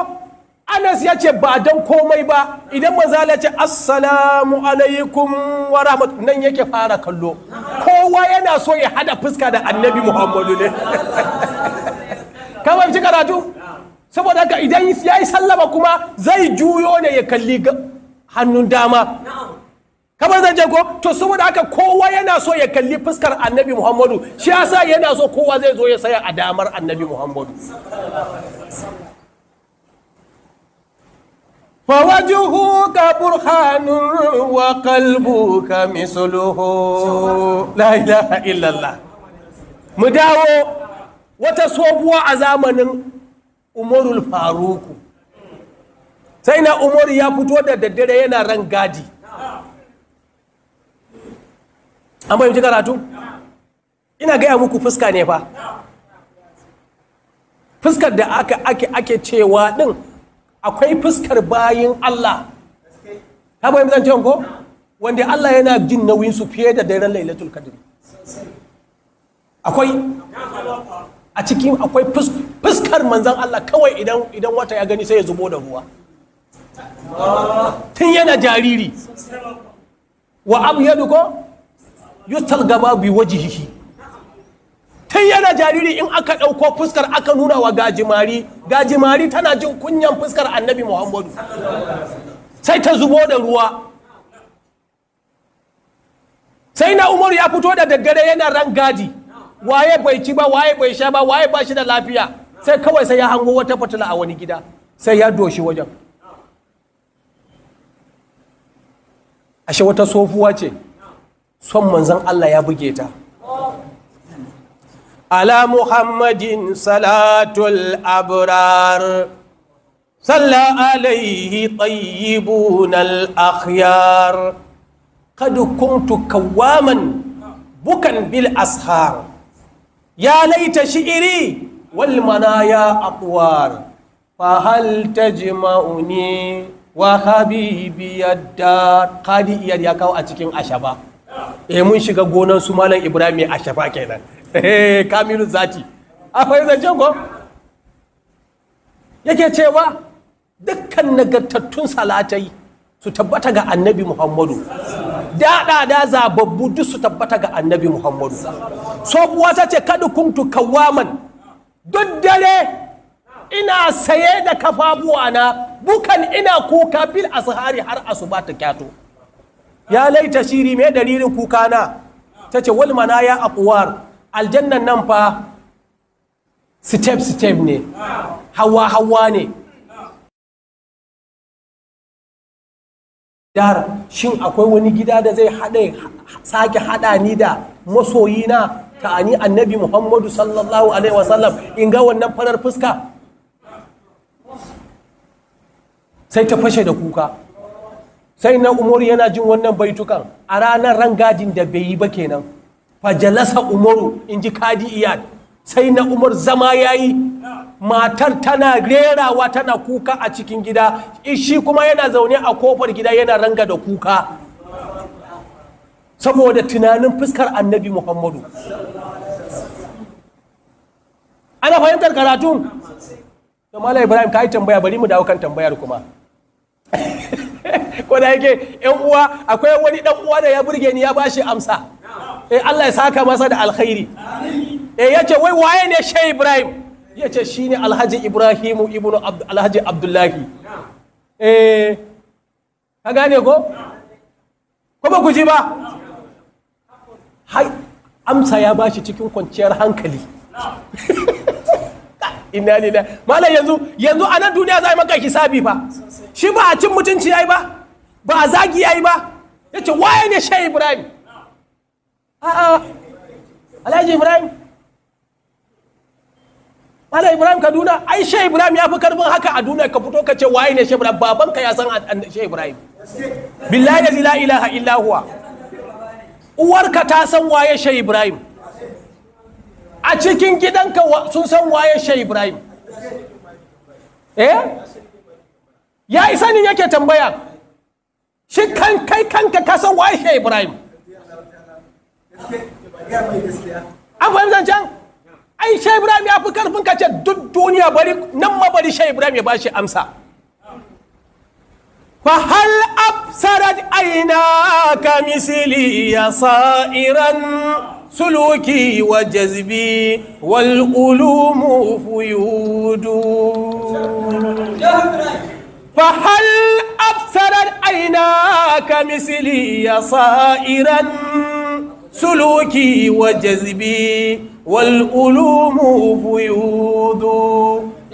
[SPEAKER 2] anas ya ce ba don komai ba idan ya ce assalamu alaikum wa nan yake fara kallo kowa yana so ya hada fuska da annabi muhammadu ne kamar ci karatu saboda haka idan ya yi sallama kuma zai juyo ne ya kalli hannun dama kamar zan je ko to saboda haka kowa yana so ya kalli fuskar annabi muhammadu shi yasa yana so kowa zai zo ya saya a damar annabi muhammadu فوجهك برهان وقلبك مثله لا إله إلا الله مداو وتصوبوا عزامن أمور الفاروق سينا أمور يا فتوة ددري yana rangaji an fahimci karatu ina gaya muku fuska ne fa fuskar da aka ake ake cewa din akwai fuskar bayin Allah ta bayan zan cewa ko wanda Allah yana jin nauyin su fiye da daren lailatul qadri akwai a cikin akwai fuskar manzon Allah kawai idan idan wata ya gani sai ya zubo da ruwa tun yana jariri wa abu yadu ko yustal gaba bi wajihihi tun yana jariri in aka ɗauko fuskar aka nuna wa gajimari gajimari tana jin kunyan fuskar annabi muhammadu sai ta zubo da ruwa sai na umaru ya fito da daddare yana ran gadi waye bai ci ba waye bai sha ba waye ba shi da lafiya sai kawai sai ya hango wata fatula a wani gida sai ya doshi wajen ashe wata sofuwa ce son manzan Allah ya buge ta. Ala Muhammadin salatul abrar salla alaihi tsayibu al-akhyar kawaman bukan bil ashar ya laita shi'iri wal manaya akwar fahal ta wa habibi yadda kadi iya kawo a cikin ashaba. eh mun shiga gonan su malam ibrahim a shafa kenan eh kamilu zati akwai zancen ko yake cewa dukkan nagartattun salatai su tabbata ga annabi muhammadu daɗa da zababbu duk su tabbata ga annabi muhammadu sobuwa ta ce kada kuntu kawaman duk dare ina saye da kafafuwa na bukan ina kuka bil asahari har asu ba ta kyato ya laita shiri mai dalilin kukana ta ce na ya akuwar aljannan nan fa step step ne hawa hawa ne dar shin akwai wani gida da zai haɗe sake haɗa ni da masoyina ta ani annabi muhammadu sallallahu alaihi wasallam in ga wannan farar fuska sai ta fashe da kuka sai na umaru yana jin wannan baitukan a ranar rangadin da bai yi ba kenan fajalasa umaru in ji kadi iyad sai na umar zama ya yi matar tana rerawa tana kuka a cikin gida shi kuma yana zaune a kofar gida yana ranga da kuka saboda tunanin fuskar annabi muhammadu ana fahimtar karatun da mala ibrahim ka yi tambaya bari mu dawo kan tambayar kuma ko da yake yan uwa akwai wani dan uwa da ya burge ni ya bashi amsa eh Allah ya saka masa da alkhairi eh yace wai waye ne Sheikh Ibrahim yace shine Alhaji Ibrahim ibnu Alhaji Abdullahi eh ka gane ko ko ba ku ji ba hai amsa ya bashi cikin kwanciyar hankali <laughs> inna lillahi malam yanzu yanzu a nan duniya za a maka hisabi fa shi ba a cin mutunci yayi ba ba a zagi ya yi ba Ya ce waye ne shehu ibrahim a'a alhaji ibrahim ala Ibrahim Kaduna, ai Shehu Ibrahim ya fi karfin haka a duniya ka fito ka ce waye ne Shehu Ibrahim babanka ya san Shehu Ibrahim. Billahi la ilaha illa huwa. Uwarka ta san waye Shehu Ibrahim. A cikin gidanka sun san waye Shehu Ibrahim. Eh? Ya isa ne yake tambaya. shi kan kai kanka ka san wa shi ibrahim abuwa zan can ai ibrahim ya fi karfin ka ce duk duniya bari nan ma bari shi ibrahim ya ba shi amsa fa hal absarat aina ka misili ya iran suluki wa jazbi wal ulumu fuyudu فهل أبصرت عيناك مثلي صائرا سلوكي وجذبي والألوم فيوض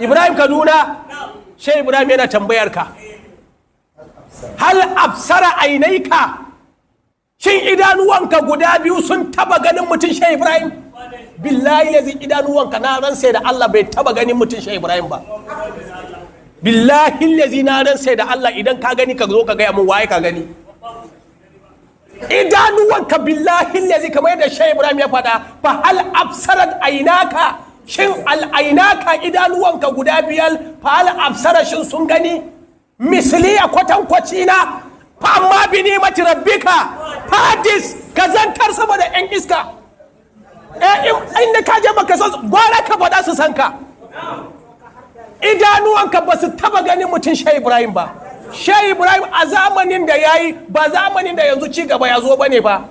[SPEAKER 2] إبراهيم كدونا شيء إبراهيم أنا تنبيرك hal absara ainaika shin idanuwanka guda biyu sun taba ganin mutum shai ibrahim billahi lazi idanuwanka na ran sai da allah bai taba ganin mutum shai ibrahim ba billahi lazi na ran sai da Allah idan ka gani ka zo ka gaya mun waye ka gani idanuwanka billahi lazi kamar yadda Shehu Ibrahim ya faɗa fa hal absarat ainaka shin al'ainaka idanuwanka guda biyar fa hal absara shin sun gani misli a kwatankwaci na fa amma bi ni'mati rabbika fadis ka zantar saboda yan iska eh inda ka je baka san gwara ka faɗa su sanka idanuwanka ba su taba ganin mutum shai ibrahim ba shai ibrahim a zamanin da ya yi ba zamanin da yanzu ci gaba ya zo ba ne ba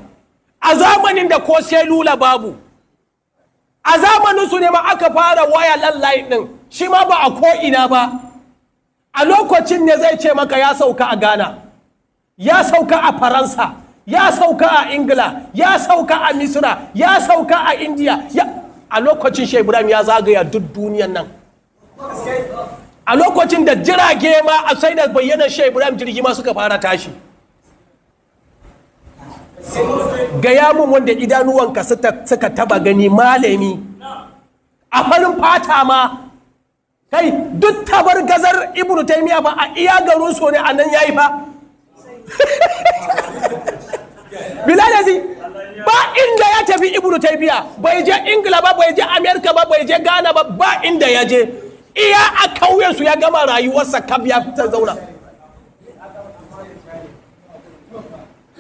[SPEAKER 2] a zamanin da ko sai lula babu a zamanin su ne ma aka fara waya lallai din shi ma ba a ko ina ba a lokacin ne zai ce maka ya sauka a ghana ya sauka a faransa ya sauka a ingila ya sauka a misira ya sauka a indiya a lokacin shai ibrahim ya zagaya duk duniyan nan a lokacin da jirage ma a sai da bayyana shi ibrahim jirgi ma suka fara tashi gaya mun wanda idanuwanka suka taba gani malami a farin fata ma kai duk tabar gazar ibnu taimiya ba a iya garin so ne a nan yayi ba <laughs> bilalazi ba inda ya tafi ibnu taimiya bai je ingila ba bai je amerika ba bai je ghana ba ba inda ya je iya a kauyensu ya gama rayuwarsa kaf ya fita zauna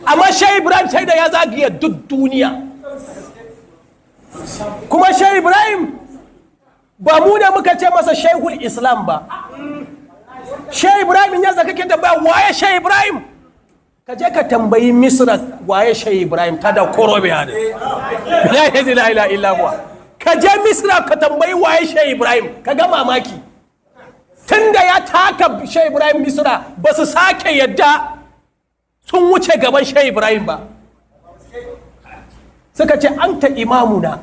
[SPEAKER 2] amma shai ibrahim sai da ya zagiya duk duniya kuma shai ibrahim ba mu ne muka ce masa shaihul islam ba shai ibrahim ya zaka da ba waye shai ibrahim ka je ka tambayi misra waye shai ibrahim ta da korobe ne la ilaha illa huwa ka je misra ka tambayi waye shai ibrahim ka ga mamaki tunda ya taka shai ibrahim misra ba su sake yadda sun wuce gaban shai ibrahim ba suka ce an ta imamuna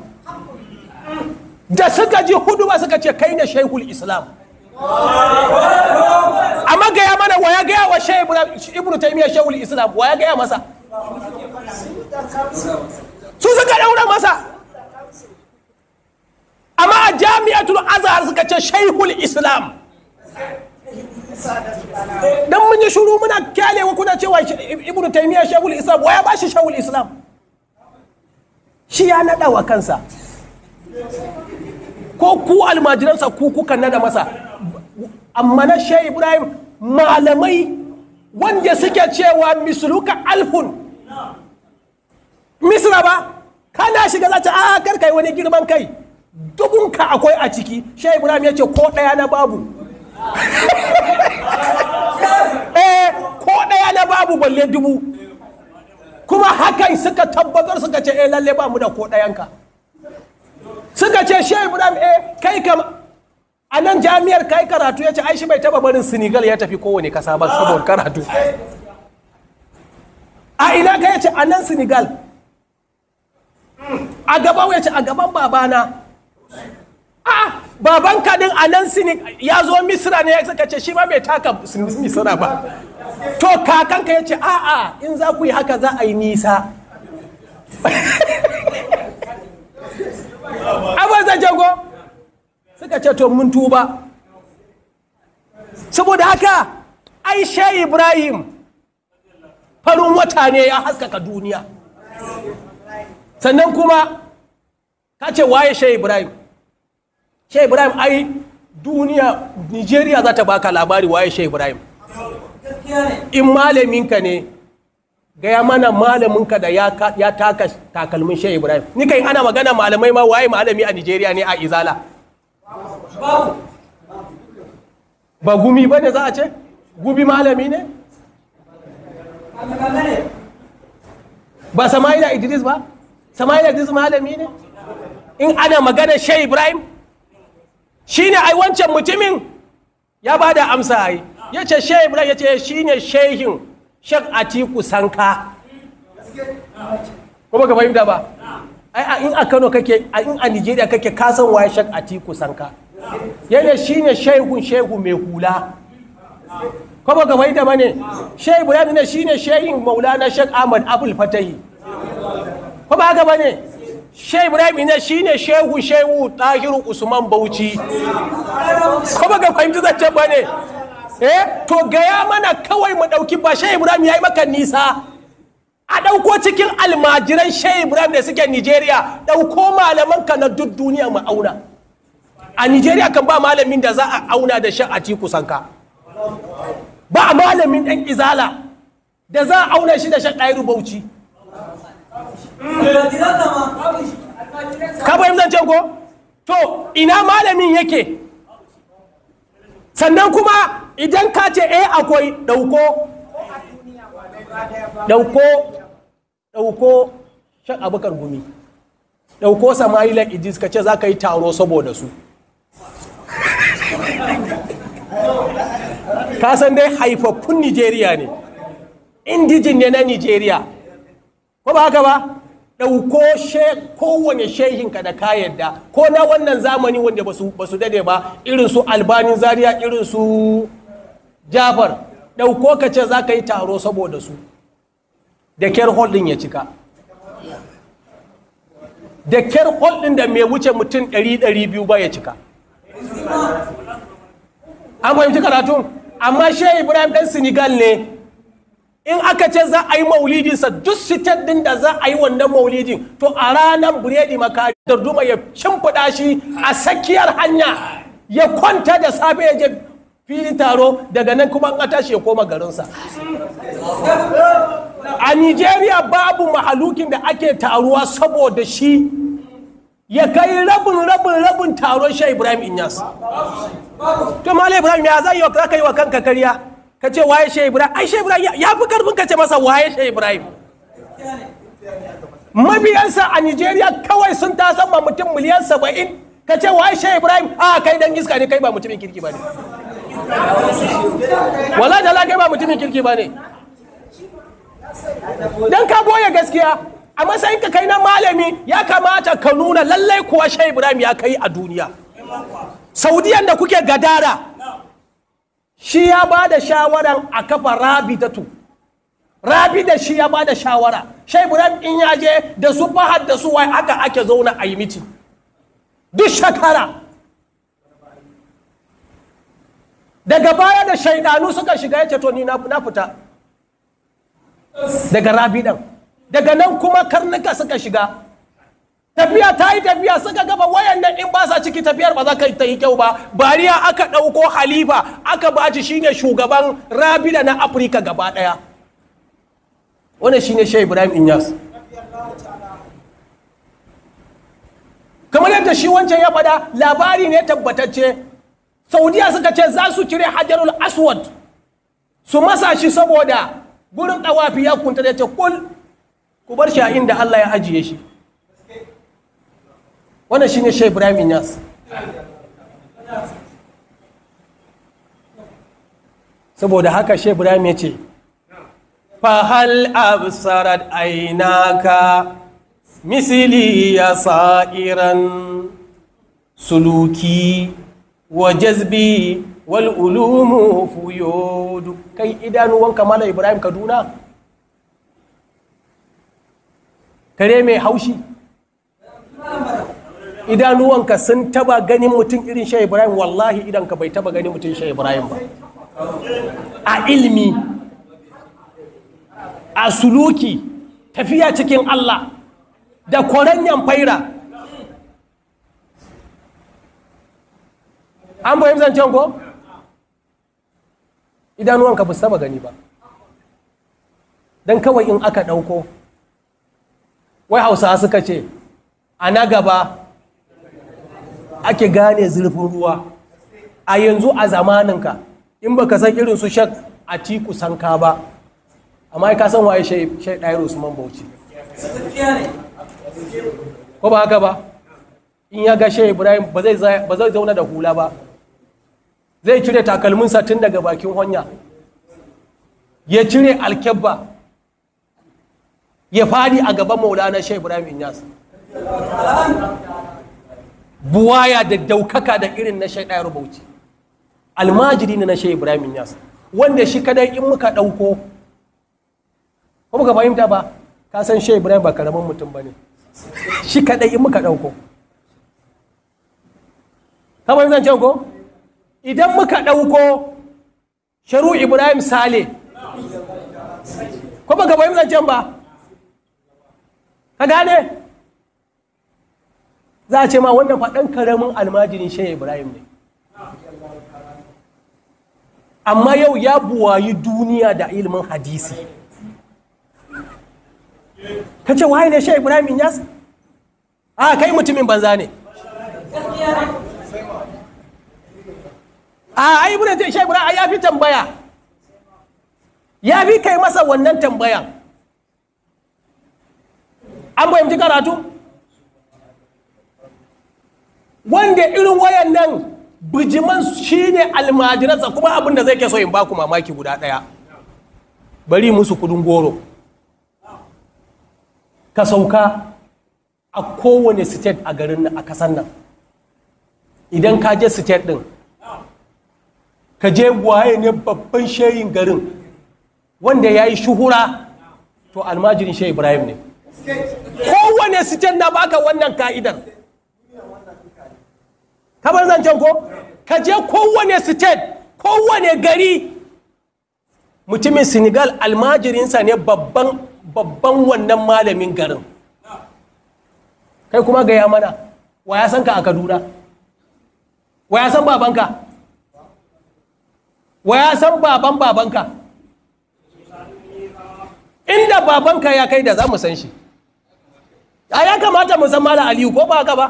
[SPEAKER 2] da suka ji hudu ba suka ce kai ne shaihul islam amma gaya mana wa ya gaya wa shai ibn taimiyya shaihul islam wa ya gaya masa su suka daura masa amma a jami'atul azhar suka ce shaihul islam dan mun yi shuru muna wa kuna cewa ibnu taymiya shaihul islam waya ba shi shaihul islam shi ya nada wa kansa ko ku almajiransa ku kuka nada masa amma na shai ibrahim malamai wanda suke cewa misluka alfun misra ba kana shiga za ta a ah, karkai wani girman kai dubunka akwai a ciki shai ibrahim ya ce ko ɗaya na babu <laughs> eh ko ɗaya na babu balle dubu kuma hakan suka tabbatar suka ce eh lalle ba mu da ko ɗayanka suka ce shai ibrahim eh kai kama a nan jami'ar kai karatu ya ce aishi bai taba barin senegal ya tafi kowane kasa ba saboda karatu a ina ka ya ce a nan senegal a gaban ya ce a gaban babana Ah, a baban kadin nan sini ya zo misira ne ya saka ce shi ma bai taka misira ba to kakanka ya ce a'a in za ku yi haka za a yi nisa <laughs> abin zan jago suka ce to mun tuba saboda haka ai ibrahim farin wata ne ya haskaka duniya sannan kuma ka ce waye shai ibrahim Shai ibrahim ai duniya nigeria za ta baka labari waye shai ibrahim in malaminka ne gaya mana ka da ya taka takalmin shai ibrahim ni kai ana magana malamai ma waye malami a nigeria ne a izala ba gumi ba ne za a ce gubi malami ne ba sama'ila idris ba sama'ila idris malami ne in ana magana shai ibrahim shi ne ai wancan mutumin ya ba da amsa ai ya ce shai ibrahim ya ce shine shehin shek atiku sanka kuma ka fahimta ba ai in a kano kake a in a nigeria kake kasan waye shek atiku sanka yana ne shaihun shehu mai hula kuma ka fahimta ba ne Shai ibrahim ne shi shaihin shehin na shak ahmad abul fatahi kuma haka ba ne Shehu Ibrahim shi shine Shehu Shehu ɗahiru Usman Bauchi. Ko ba ga fahimci zancen ba ne? Eh to gaya mana kawai mu ɗauki ba Shehu Ibrahim ya yi maka nisa. A ɗauko cikin almajiran Shai Ibrahim da suke Nijeriya, ɗauko malaman ka na duk duniya mu auna. A Nigeria kan ba malamin da za a auna da shi a kusanka. Ba malamin ɗan izala da za a auna shi da shan ɗahiru Bauchi. ka fahimtar can ko to ina malamin yake sannan kuma idan ka ce a eh, akwai dauko dauko dauko shan abukar gumi dauko samarila idis ka ce za ka yi taro saboda su ka san dai haifaffun nigeria ne indijin ne na nigeria ko ba haka ba ɗauko kowane shehinka da ka yadda ko na wannan zamani wanda ba su dade ba irin su albanin zaria irin su jafar ɗauko ka ce za ka yi taro saboda su da kyar holdin ya cika da kyar holdin da mai wuce mutum 200 ba ya cika an fahimci karatun amma shehi ibrahim ɗan senegal ne in aka ce za a yi maulidinsa duk sitar din da za a yi wannan maulidin to a ranar buredi da duma ya shimfiɗa shi a tsakiyar hanya ya kwanta da safe ya je filin taro daga nan kuma an tashi ya koma garinsa a nigeria babu mahalukin da ake taruwa saboda shi ya kai rabin rabin rabin taron shi ibrahim inyas to malai ibrahim ya zai yi wa kanka karya ka ce waye shehu ibrahim ai shehu ibrahim ya fi karfin ka ce masa waye shehu ibrahim mabiyansa a nigeria kawai sun tasan ma mutum miliyan saba'in ka ce waye shehu ibrahim a kai dan giska ne kai ba mutumin kirki ba ne wala da kai ba mutumin kirki ba ne dan ka boye gaskiya a matsayin ka kai na malami ya kamata ka nuna lallai kuwa shehu ibrahim ya kai a duniya saudiyan da kuke gadara shi ya ba da shawaran a kafa tu rabi da shi ya ba da shawara shai ibrahim in ya je da su fahad da su wai aka ake zauna a yi miti duk shekara daga baya da shaidanu suka shiga yace ce na fita daga rabi ɗan daga nan kuma karnuka suka shiga tafiya ta yi tafiya suka gaba wayan nan in ba sa ciki tafiyar ba za ka ta yi kyau ba bariya aka ɗauko halifa aka baci shine shugaban rabida na afirka gaba ɗaya wannan shine shai ibrahim inyas kamar yadda shi wancan ya faɗa labari ne tabbatacce saudiya suka ce za su cire hajarul aswad su masa shi saboda gurin ɗawafi ya kunta da ce kul ku bar shi a inda allah ya ajiye shi wannan shine shai ibrahim inyas saboda haka shai ibrahim ya ce fahal absarat ainaka misili ya sa'iran suluki wa jazbi wal ulumu fuyodu kai idanuwan mala ibrahim kaduna kare mai haushi idanuwanka sun taba ganin mutum irin sha ibrahim wallahi idanka bai taba ganin mutum sha ibrahim ba a ilmi a suluki tafiya cikin allah da kwaranyan faira an bayan zancen ko idanuwanka ba saba gani ba don kawai in aka dauko wai hausa suka ce a na gaba ake gane zurfin ruwa a yanzu a zamaninka in baka san irin su shak a ti kusanka ba amma ka san waye shai ɗayar usman bauchi ko ba haka ba in ya ga shai ibrahim ba zai zauna da hula ba zai cire takalminsa tun daga bakin hanya ya cire alkyabba ya fadi a gaban maulana shai ibrahim inyas buwaya da daukaka da irin na shai ɗaya rubauci almajiri ne na shai ibrahim yas wanda shi kadai in muka ɗauko ko muka fahimta ba ka san shai ibrahim ba karamin mutum ba ne shi kadai in muka ɗauko kamar zan can ko idan muka ɗauko sharu ibrahim sale ko muka fahimta can ba ka gane za a ce ma wannan faɗan karamin almajirin shayi ibrahim ne amma yau ya buwayi duniya da ilimin hadisi ka ce wa ne shayi ibrahim inyas a kai mutumin banza ne a ai ce shayi ibrahim ya fi tambaya ya fi kai masa wannan tambayan an fahimci karatu wanda irin wayan nan bijiman shi ne almajiransa kuma abin da zai ke so in ba ku mamaki guda ɗaya bari musu kudin goro ka sauka a kowane state a garin a kasan nan idan ka je state ɗin ka je waye ne babban shayin garin wanda ya yi shuhura to almajirin shehi ibrahim ne kowane state na baka wannan ka'idar kamar zancen ko ka je kowane state kowane gari mutumin senegal almajirinsa ne babban wannan malamin garin kai kuma gaya mana wa ya san ka a kaduna wa ya san babanka wa ya san baban babanka inda babanka ya kai da za mu san shi a ya kamata mu san malam aliyu ko ba haka ba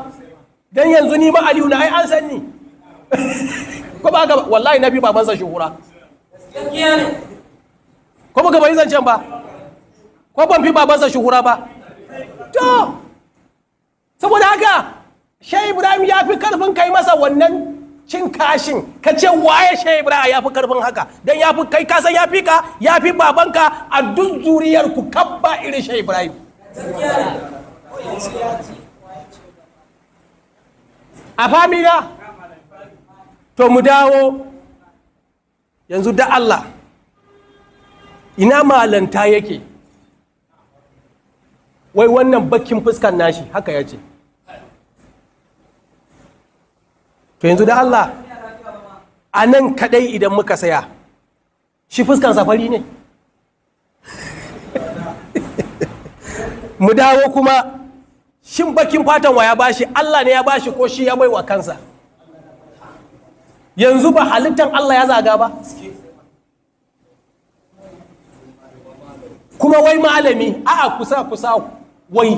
[SPEAKER 2] dan yanzu ni ma aliyu na ai an san ni <laughs> ko ba gaba wallahi nabi baban sa shuhura ko ba gaba zancen ba ko ban fi baban sa shuhura ba to saboda haka shai ibrahim ya fi karfin kai masa wannan cin kashin ka ce waye shai ibrahim ya fi karfin haka dan ya fi kai kasan ya fi ka ya fi babanka a duk zuriyar ku kabba irin shai ibrahim a famina to mu dawo yanzu da Allah ina malanta yake wai wannan bakin fuskan nashi haka ya ce to yanzu da Allah a nan kadai idan muka saya shi fuskan safari ne <laughs> mu dawo kuma shin bakin fatan wa ya bashi Allah ne ya bashi ko shi ya bai wa kansa yanzu ba halittar Allah ya zaga ba kuma wai malami a'a kusa kusa wai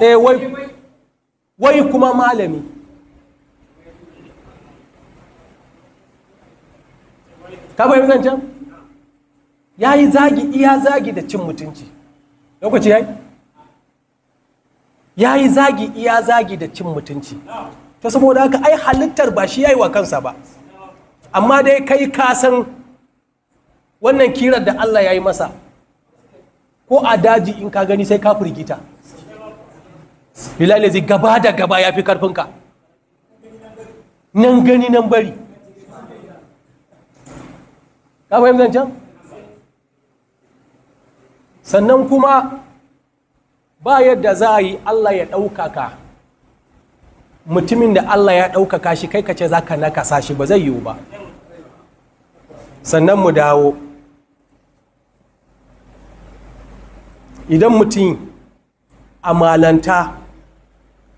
[SPEAKER 2] eh wai wai kuma malami ka bayan zancen ya yi zagi iya zagi da cin mutunci lokaci ya yi ya yi zagi iya zagi da cin mutunci ta saboda haka ai halittar ba shi ya yi wa kansa ba amma dai kai ka san wannan kirar da Allah ya yi masa ko a daji in ka gani sai ka firgita bilalazi gaba da gaba ya fi karfinka nan gani nan bari ka fahimtar can sannan kuma ba yadda za a yi Allah ya ɗaukaka mutumin da Allah ya ɗaukaka shi kai ka ce za ka nakasa shi ba zai yiwu ba sannan mu dawo idan mutum a malanta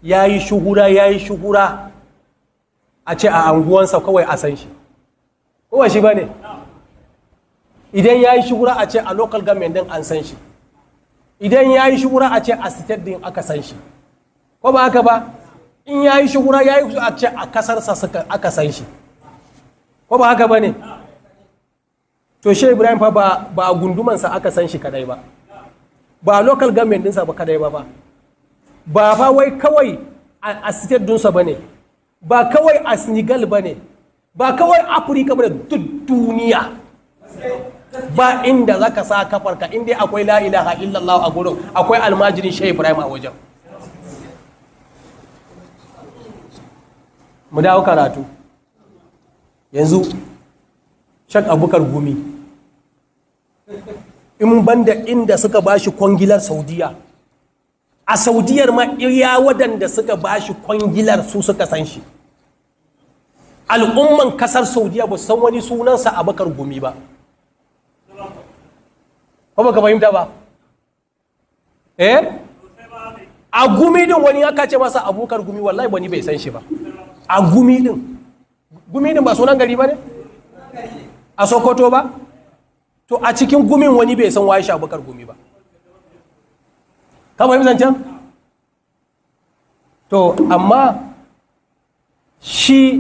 [SPEAKER 2] ya yi shuhura ya yi shuhura a ce a anguwansa kawai a san shi kowa shi ba ne idan ya yi shuhura a ce a local government din an san shi idan ya yi shugura a ce a sitar din aka san shi ko ba haka ba in ya yi shugura ya yi a ce a kasarsa aka san shi ko ba haka ba ne to shi ibrahim fa ba a gundumansa aka san shi kadai ba ba local government dinsa ba kadai ba ba ba fa wai kawai a din dinsa ba ne ba kawai a senegal ba ne ba kawai afirka ba ne duk duniya ba inda zaka sa kafarka inda akwai la ilaha illallah a gurin akwai almajirin shehu ibrahim a wajen mu dawo karatu yanzu shak abukar gumi in banda inda suka bashi kwangilar saudiya a saudiyar ma iya waɗanda suka bashi kwangilar su suka san shi al'umman kasar saudiya ba san wani sunansa a bakar gumi ba ba ka fahimta ba eh a gumi din wani aka ce masa abokar gumi wallahi wani bai san shi ba a gumi din gumi din ba sunan gari ba ne a sokoto ba to a cikin gumin wani bai san waye shi abokar gumi ba kama yi zancen to amma shi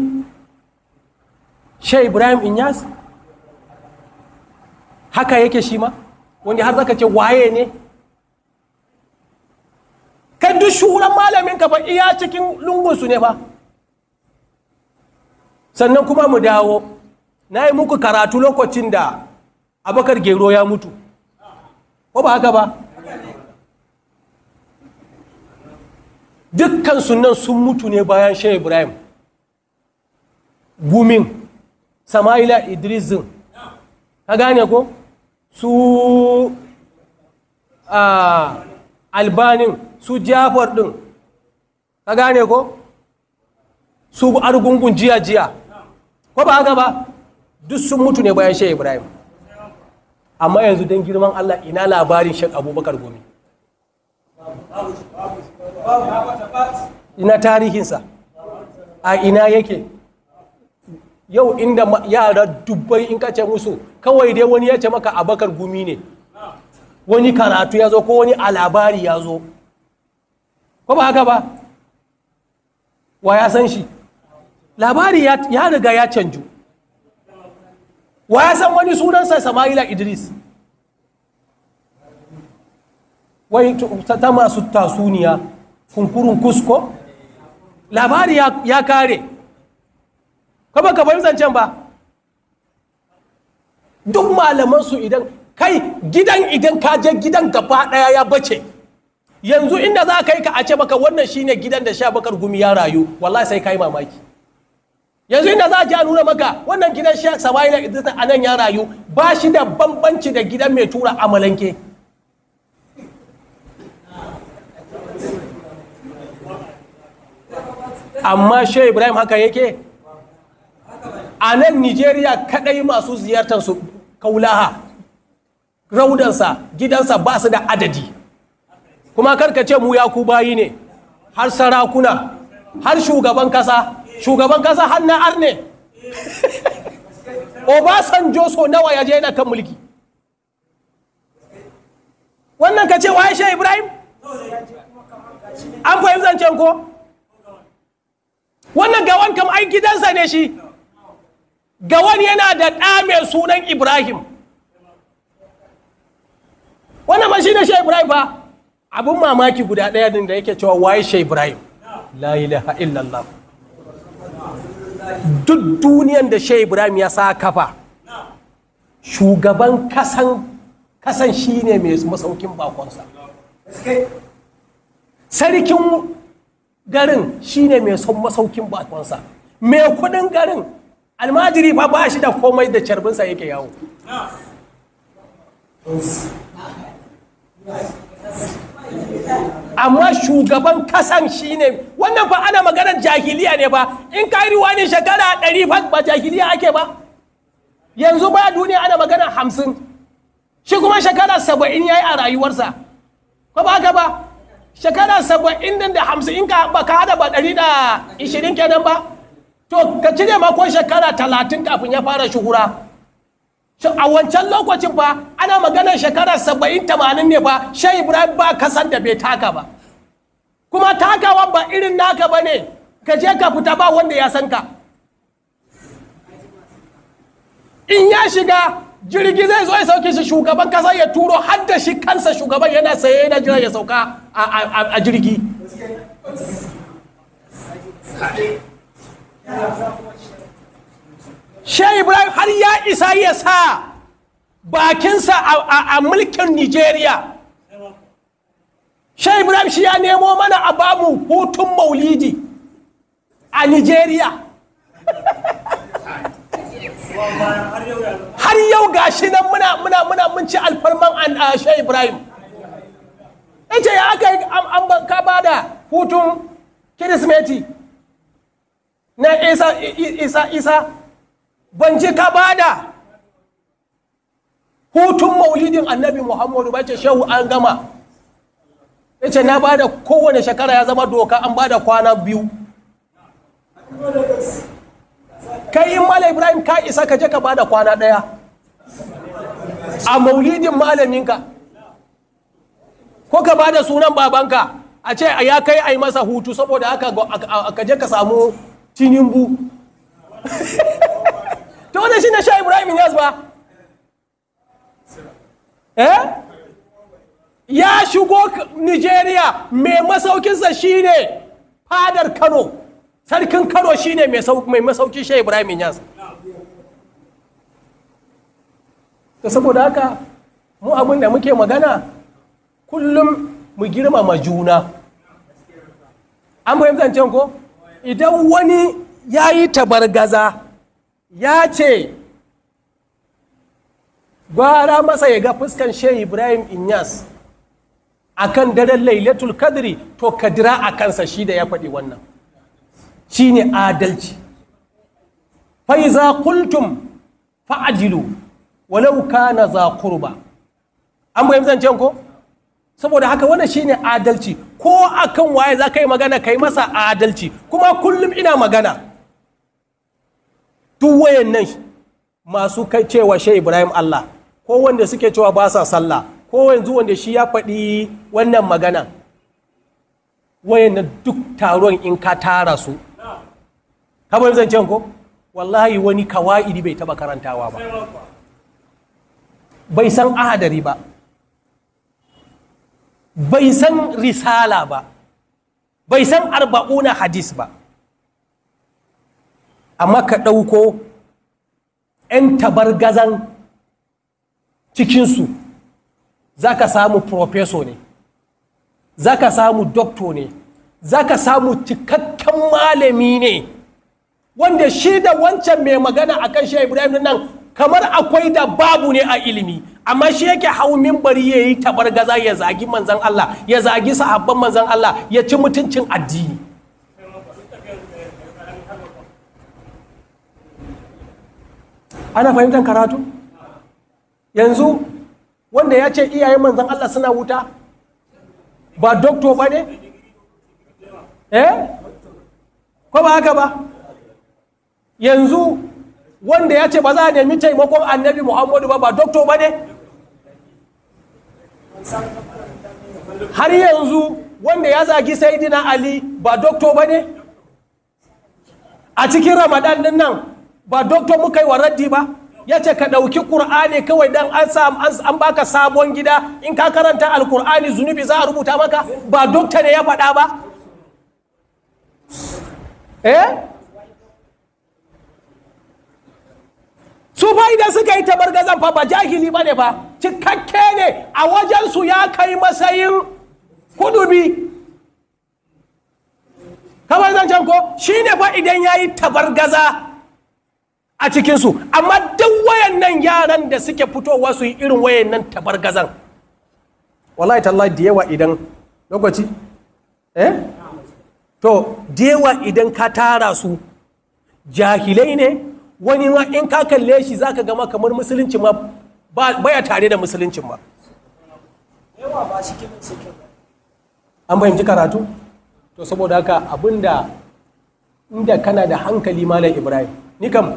[SPEAKER 2] shai ibrahim inyas haka yake shi ma wanda har zaka ce waye ne kai duk shuran malamin ka ba iya cikin lungunsu ne ba sannan kuma mu dawo na yi muku karatu lokacin da abakar gero ya mutu ko ba haka ba dukkan sunan sun mutu ne bayan shehu ibrahim gumin sama'ila idrisin ka gane ko su albanin su jafar din ka gane ko su argungun jiya jiya ko ba haka ba duk sun mutu ne bayan shehu ibrahim amma yanzu don girman allah ina labarin shek abubakar gomi ina tarihinsa a ina yake yau inda yara dubbai in ka ce musu kawai dai wani ya ce maka abakar gumi ne wani karatu ya zo ko wani a ya zo ko ba haka ba wa ya san shi labari ya riga ya canju wa ya san wani sunansa sama'ila idris wai ta masu tasuniya kunkurun kusko labari ya kare kaba ka fahimci zancen ba duk malaman su idan kai gidan idan ka je gidan gaba daya ya bace yanzu inda za ka yi ka a ce maka wannan shine gidan da sha bakar gumi ya rayu wallahi sai kai mamaki yanzu inda za a ji a nuna maka wannan gidan sha sabaila idan a nan ya rayu ba shi da bambanci da gidan mai tura amalanke amma shehu ibrahim haka yake a nan nigeria kadai masu ziyartar su kaulaha raudansa gidansa ba su da adadi kuma karkace mu ya ku bayi ne har sarakuna har shugaban kasa shugaban kasa har na arne <laughs> obasanjo so nawa ya je na kan mulki wannan ka ce wa aisha ibrahim an fahimzancen ko wannan gawan kam ai gidansa ne shi ga wani yana da ɗa mai sunan ibrahim Wani ma shine shi ibrahim ba abin mamaki guda ɗaya din da yake cewa waye shi ibrahim la illallah duk duniyan da shi ibrahim ya sa kafa shugaban kasan kasan shine mai masaukin bakonsa sarkin garin shine mai son masaukin bakonsa mai kudin garin almajiri fa ba shi da komai da carbinsa yake yawo amma shugaban kasan shi ne wannan fa ana maganar jahiliya ne ba in ka yi wani shekara ɗari fa ba jahiliya ake ba yanzu ba duniya ana maganar hamsin shi kuma shekara saba'in ya yi a rayuwarsa ba ba haka ba shekara saba'in da hamsin in ka hada ba ɗari da ishirin kenan ba to ka ci ma ko shekara talatin kafin ya fara shuhura a wancan lokacin ba ana maganar shekara saba'in tamanin ne ba shai ibrahim ba kasan da bai taka ba kuma takawa ba irin naka ba ne ka je ka fita ba wanda ya san ka in ya shiga jirgi zai zo ya sauke shi shugaban kasa ya turo har da shi kansa shugaban yana saye na jira ya sauka a jirgi shehu ibrahim har ya isa ya sa bakinsa a mulkin nigeria shehu ibrahim shi ya nemo mana a bamu hutun maulidi a nigeria <laughs> har yau gashi nan muna muna muna mun ci alfarman an shehu ibrahim in ce ya aka yi an ka bada hutun kirismeti na isa isa isa ban ji ka bada hutun maulidin annabi muhammadu ba ce shehu an gama ya ce na bada kowane shekara ya zama doka an bada kwana biyu kai mala ibrahim ka isa ka je ka bada kwana daya a maulidin malaminka ko ka bada sunan babanka a ce ya kai a yi masa hutu saboda aka kaje je ka samu tinubu to shi ne sha ibrahim yas ba eh ya shigo nigeria mai masaukinsa shine fadar kano sarkin kano shine mai masaukin sha ibrahim yas ta saboda haka mu abin da muke magana kullum mu girmama juna an fahimtar ko? idan wani ya yi tabargaza ya ce gwara masa ya ga fuskan shehu ibrahim inyas a kan daren lailatul kadiri to kadira a kansa shi da ya faɗi wannan shi ne adalci faiza kultum fa'ajilu walau na za kurba an bayan zancen ko saboda haka wannan ne adalci ko akan waye za ka yi magana ka yi masa adalci kuma kullum ina magana duk wayan nan masu cewa shai ibrahim allah ko wanda suke cewa ba sa sallah ko yanzu wanda shi ya faɗi wannan magana wayan na duk taron in ka tara su kamar zancen ko wallahi wani kawa'idi bai taba karantawa ba bai san ahadari ba bai san risala ba bai san arba'una hadis ba amma ka ɗauko 'yan tabargazan cikinsu za ka samu profeso ne za ka samu dokto ne za ka samu cikakken malami ne wanda shi da wancan mai magana akan kan shi ibrahim nan kamar akwai da babu ne a ilimi amma shi yake hau mimbari ya yi gaza ya zagi manzan Allah ya zagi sahabban manzan Allah ya ci mutuncin addini ana fahimtar karatu yanzu wanda ya ce iyayen manzan Allah suna wuta ba dokto ba ne eh ko ba haka ba yanzu wanda ya ce ba za a nemi taimakon annabi muhammadu ba ba dokto ba ne har yanzu wanda ya zagi saidina ali ba dokto ba ne a cikin ramadan din nan ba dokto muka yi wa ba ya ce ka ɗauki ƙur'ani kawai dan an baka sabon gida in ka karanta alƙur'ani zunubi za a rubuta maka ba dokta ne ya faɗa ba eh su fa idan suka yi gazan fa ba jahili ba ne fa cikakke ne a su ya kai masayin kudubi kamar zancen ko shi ne fa idan ya yi tabargaza a cikinsu amma duk wayannan yaran da suke fitowa su yi irin wayannan tabargazan wallahi tallahi da yawa idan lokaci eh to da yawa idan ka tara su jahilai ne wani ma in ka kalle shi zaka gama kamar musulunci ma baya tare da musuluncin ma an fahimci karatu to saboda haka abinda inda kana da hankali malam ibrahim ni kam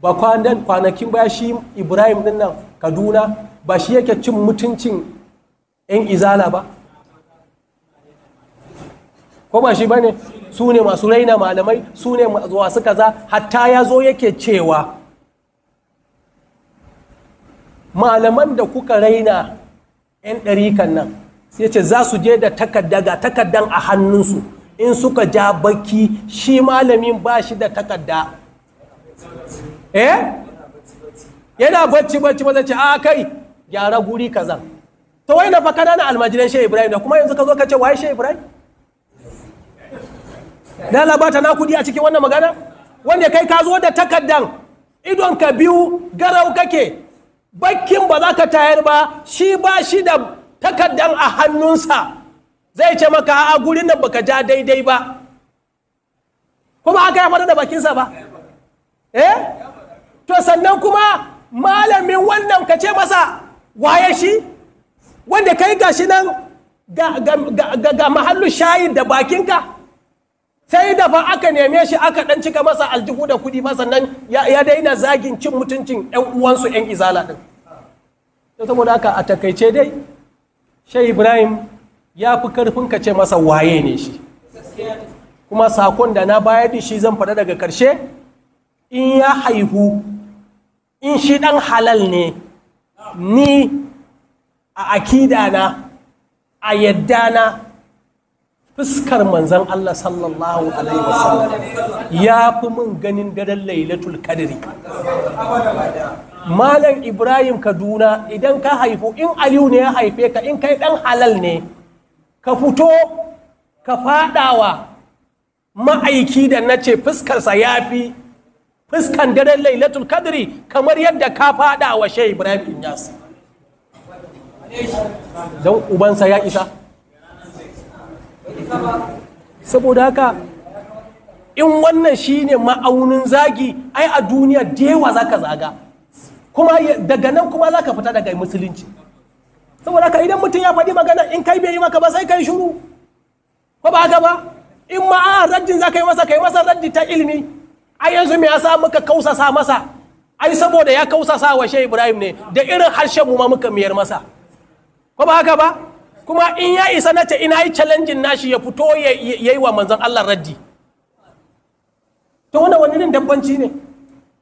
[SPEAKER 2] ba kwanan kwanakin baya shi ibrahim din nan kaduna ba shi yake cin mutuncin yan izala ba ko ba shi ba ne su ne masu raina malamai su ne masu kaza hatta ya zo yake cewa malaman da kuka raina 'yan ɗarikan nan sai ce za su je da takadda ga takardan a hannunsu in suka ja baki shi malamin ba shi da takadda. eh yana bacci bacci ba a kai gyara guri kazan to wai na fa na almajiran shehu ibrahim da kuma yanzu ka zo ka ce waye shehu ibrahim na labata na kudi a cikin wannan magana wanda kai ka zo da takaddan idon ka biyu garau kake bakin ba za ka tayar ba shi ba shi da takaddan a hannunsa zai ce maka a gurin nan baka ja daidai ba kuma aka ya faɗa da bakinsa ba eh to sannan kuma malamin wannan ka ce masa waye shi wanda kai gashi nan ga, ga, ga, ga mahallu shayin da bakinka sai da fa aka neme shi aka dan cika masa aljihu da kudi ba sannan ya daina zagin cin mutuncin yan uwansu yan izala Sai saboda haka a takaice dai shai ibrahim ya fi karfin ka ce masa waye ne shi kuma sakon da na bayar da shi zan faɗa daga karshe in ya haihu in shi ɗan halal ne ni a akidana a yaddana fuskar manzan Allah sallallahu alaihi wasallam ya fi mun ganin daren lailatul kadiri malam ibrahim kaduna idan ka haifu in aliyu ne ya haife ka in kai dan halal ne ka fito ka fadawa ma'aiki da na ce fuskarsa ya fi fuskan daren lailatul kadiri kamar yadda ka fadawa shai ibrahim yasi don ubansa ya isa saboda haka in wannan shi ne ma'aunin zagi ai a duniya da yawa za ka zaga kuma daga nan kuma za ka fita daga musulunci saboda haka idan mutum ya faɗi magana in kai bai yi maka ba sai kai shuru ko ba haka ba in ma a raddin za ka yi masa kai masa raddi ta ilimi ai yanzu me yasa muka kausasa masa ai saboda ya kausasa wa shehu ibrahim ne da irin harshen mu ma muka miyar masa ko ba haka ba kuma in ya isa na ce ina yi challenge nashi ya fito ya yi wa manzon Allah raddi to wannan wani irin dabbanci ne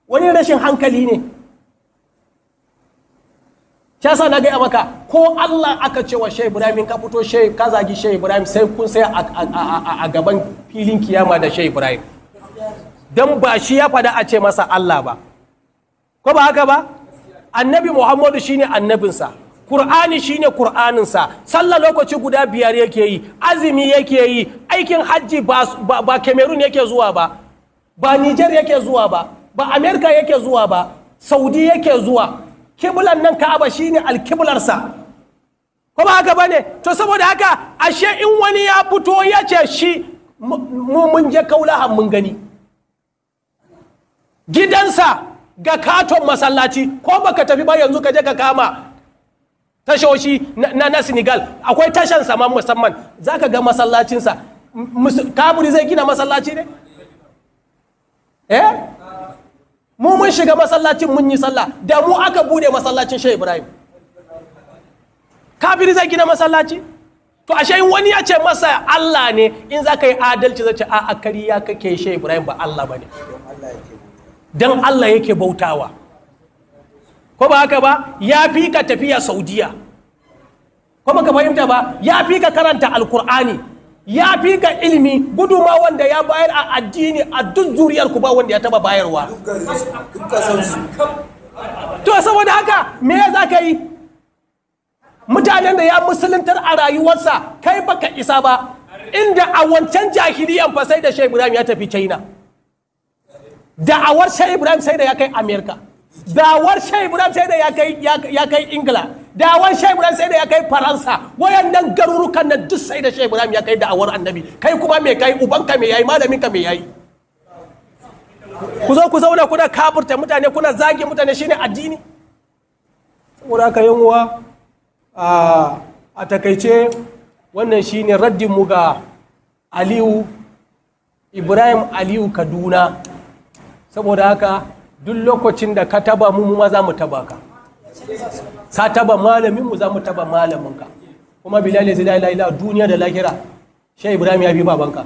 [SPEAKER 2] wani rashin hankali ne shi yasa na gaya maka ko Allah aka ce wa Shehu Ibrahim ka fito Shehu ka zagi Shehu Ibrahim sai kun sai a gaban filin kiyama da Shehu Ibrahim dan ba shi ya fada a ce masa Allah ba ko ba haka ba annabi Muhammadu shine annabinsa Kur'ani shine Kur'aninsa sallah lokaci guda biyar yake yi azumi yake yi aikin hajji ba, ba, Cameroon yake zuwa ba ba Niger yake zuwa ba ba America yake zuwa ba Saudi yake zuwa kiblan nan Ka'aba shine sa. ko ba haka bane to saboda haka ashe in wani ya fito ya ce shi mu mun je kaulaha mun gani gidansa ga katon masallaci ko baka tafi ba yanzu ka je ka kama tashoshi na, na senegal akwai tashan sama musamman za ka ga masallacinsa kaburi zai gina masallaci ne eh mu mun shiga masallacin mun yi sallah da mu aka bude masallacin shai ibrahim kabiri zai gina masallaci to ashe in wani ya ce masa allah ne in za ka yi adalci zai ce a akari ya kake shai ibrahim ba allah ba ne don allah yake bautawa ko ba haka ba ya fi ka tafiya saudiya ko ba ka fahimta ba ya fi ka karanta alkur'ani ya fi ka ilimi guduma wanda ya bayar a addini a duk zuriyar ku ba wanda ya taba bayarwa to saboda haka me za ka yi mutanen da ya musuluntar a rayuwarsa kai baka isa ba inda a wancan jahiliyan fa sai da shai ibrahim ya tafi china da'awar shai ibrahim sai da ya kai amerika dawar shaiburan sai da ya kai ingila dawar shaiburan sai da ya kai faransa wayannan garurukan na duk sai da shai shaiburan ya kai da'awar annabi kai kuma me kai ubanka me yayi malaminka me yayi ku zo ku zauna kuna kafurta mutane kuna zage mutane shine addini saboda haka yan uwa a takaice wannan shine raddin mu ga aliyu ibrahim aliyu kaduna saboda haka duk lokacin da ka taba mu ma za mu taba ka sa taba malamin mu za mu taba malamin ka kuma bilal zai lai lai duniya da lahira shay ibrahim ya bi babanka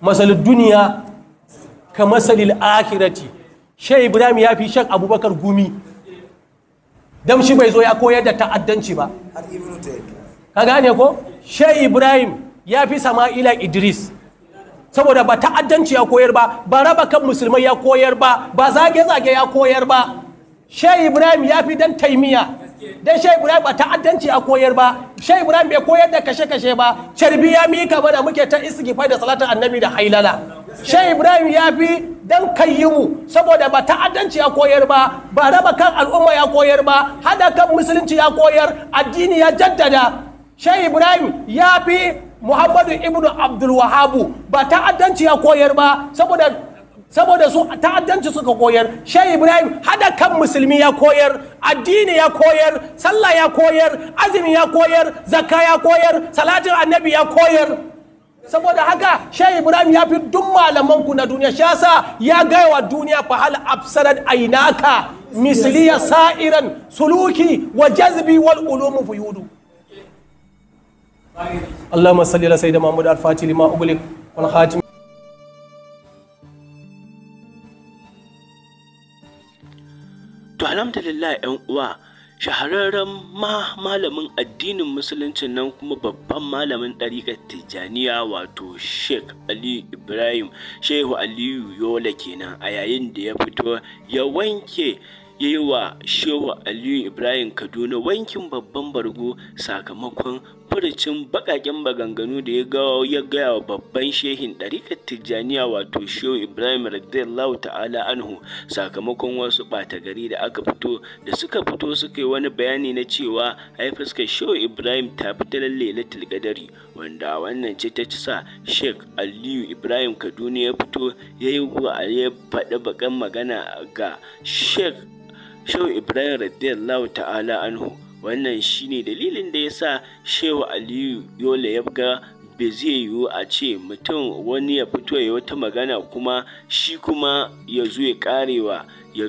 [SPEAKER 2] masalul duniya ka masalil akhirati shay ibrahim ya fi shan abubakar gumi dan shi bai zo ya koyar da ta'addanci ba ka gane ko shay ibrahim ya fi sama'ila idris saboda ba ta'addanci ya koyar ba ba raba kan musulmai ya koyar ba ba zage-zage ya koyar ba Shai ibrahim ya fi dan taimiya dan Shai ibrahim ba ta'addanci ya koyar ba Shai ibrahim bai koyar da kashe-kashe ba carbi ya mika ba da muke ta istighfar da salatin annabi da hailala Shai ibrahim ya fi dan kayyimu saboda ba ta'addanci ya koyar ba ba raba kan al'umma ya koyar ba hada kan musulunci ya koyar addini ya jaddada Shai ibrahim ya fi muhammadu ibnu abdul wahabu ba ta'addanci ya koyar ba saboda saboda su ta'addanci suka koyar shai ibrahim hada kan musulmi ya koyar addini ya koyar sallah ya koyar azumi ya koyar zakka ya koyar salatin annabi ya koyar saboda haka shai ibrahim ya fi duk malaman ku na duniya shasa ya gaya wa duniya fa hal absarat ainaka misliya sa'iran suluki wa jazbi wal ulumu fuyudu اللهم صل على سيدنا محمد الفاتح لما أغلق والخاتم
[SPEAKER 1] To alhamdulillah ‘yan uwa, shahararren ma malamin addinin musulunci nan kuma babban malamin ɗariƙar Tijjaniya wato Sheikh Ali Ibrahim, Shehu Aliyu Yola kenan a yayin da ya fito ya wanke ya yi wa shehu aliyu ibrahim kaduna wankin babban bargo sakamakon furucin bakaken maganganu da ya gaya wa babban shehin ɗarikar tijjaniya wato shehu ibrahim radiyallahu ta'ala anhu sakamakon wasu ɓata gari da aka fito da suka fito suka yi wani bayani na cewa ai fuskar shehu ibrahim ta fita lalle na gadari wanda wannan ce ta cisa sa aliyu ibrahim kaduna ya fito ya yi wa ya faɗi bakan magana ga sheik Shehu Ibrahim radiyallahu ta'ala anhu wannan shine dalilin da ya sa Shehu Aliyu Yola ya ga bai zai yiwu a ce mutum wani ya fito ya wata magana kuma shi kuma ya zo ya karewa ya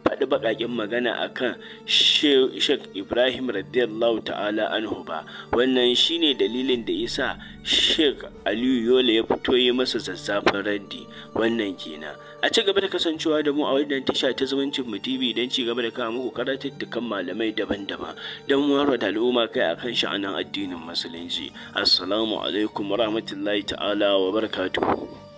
[SPEAKER 1] faɗi baƙaƙen magana a kan Sheikh Ibrahim radiyallahu ta'ala anhu ba wannan shine dalilin da yasa Sheikh Aliyu Yola ya fito ya masa zazzafin raddi wannan kenan a ci gaba da kasancewa da mu a wannan tasha ta zumuncin mu TV don ci gaba da kawo muku dukkan malamai daban-daban don wara da al'umma kai akan sha'anin addinin musulunci assalamu alaikum rahmatullahi ta'ala wa barakatuhu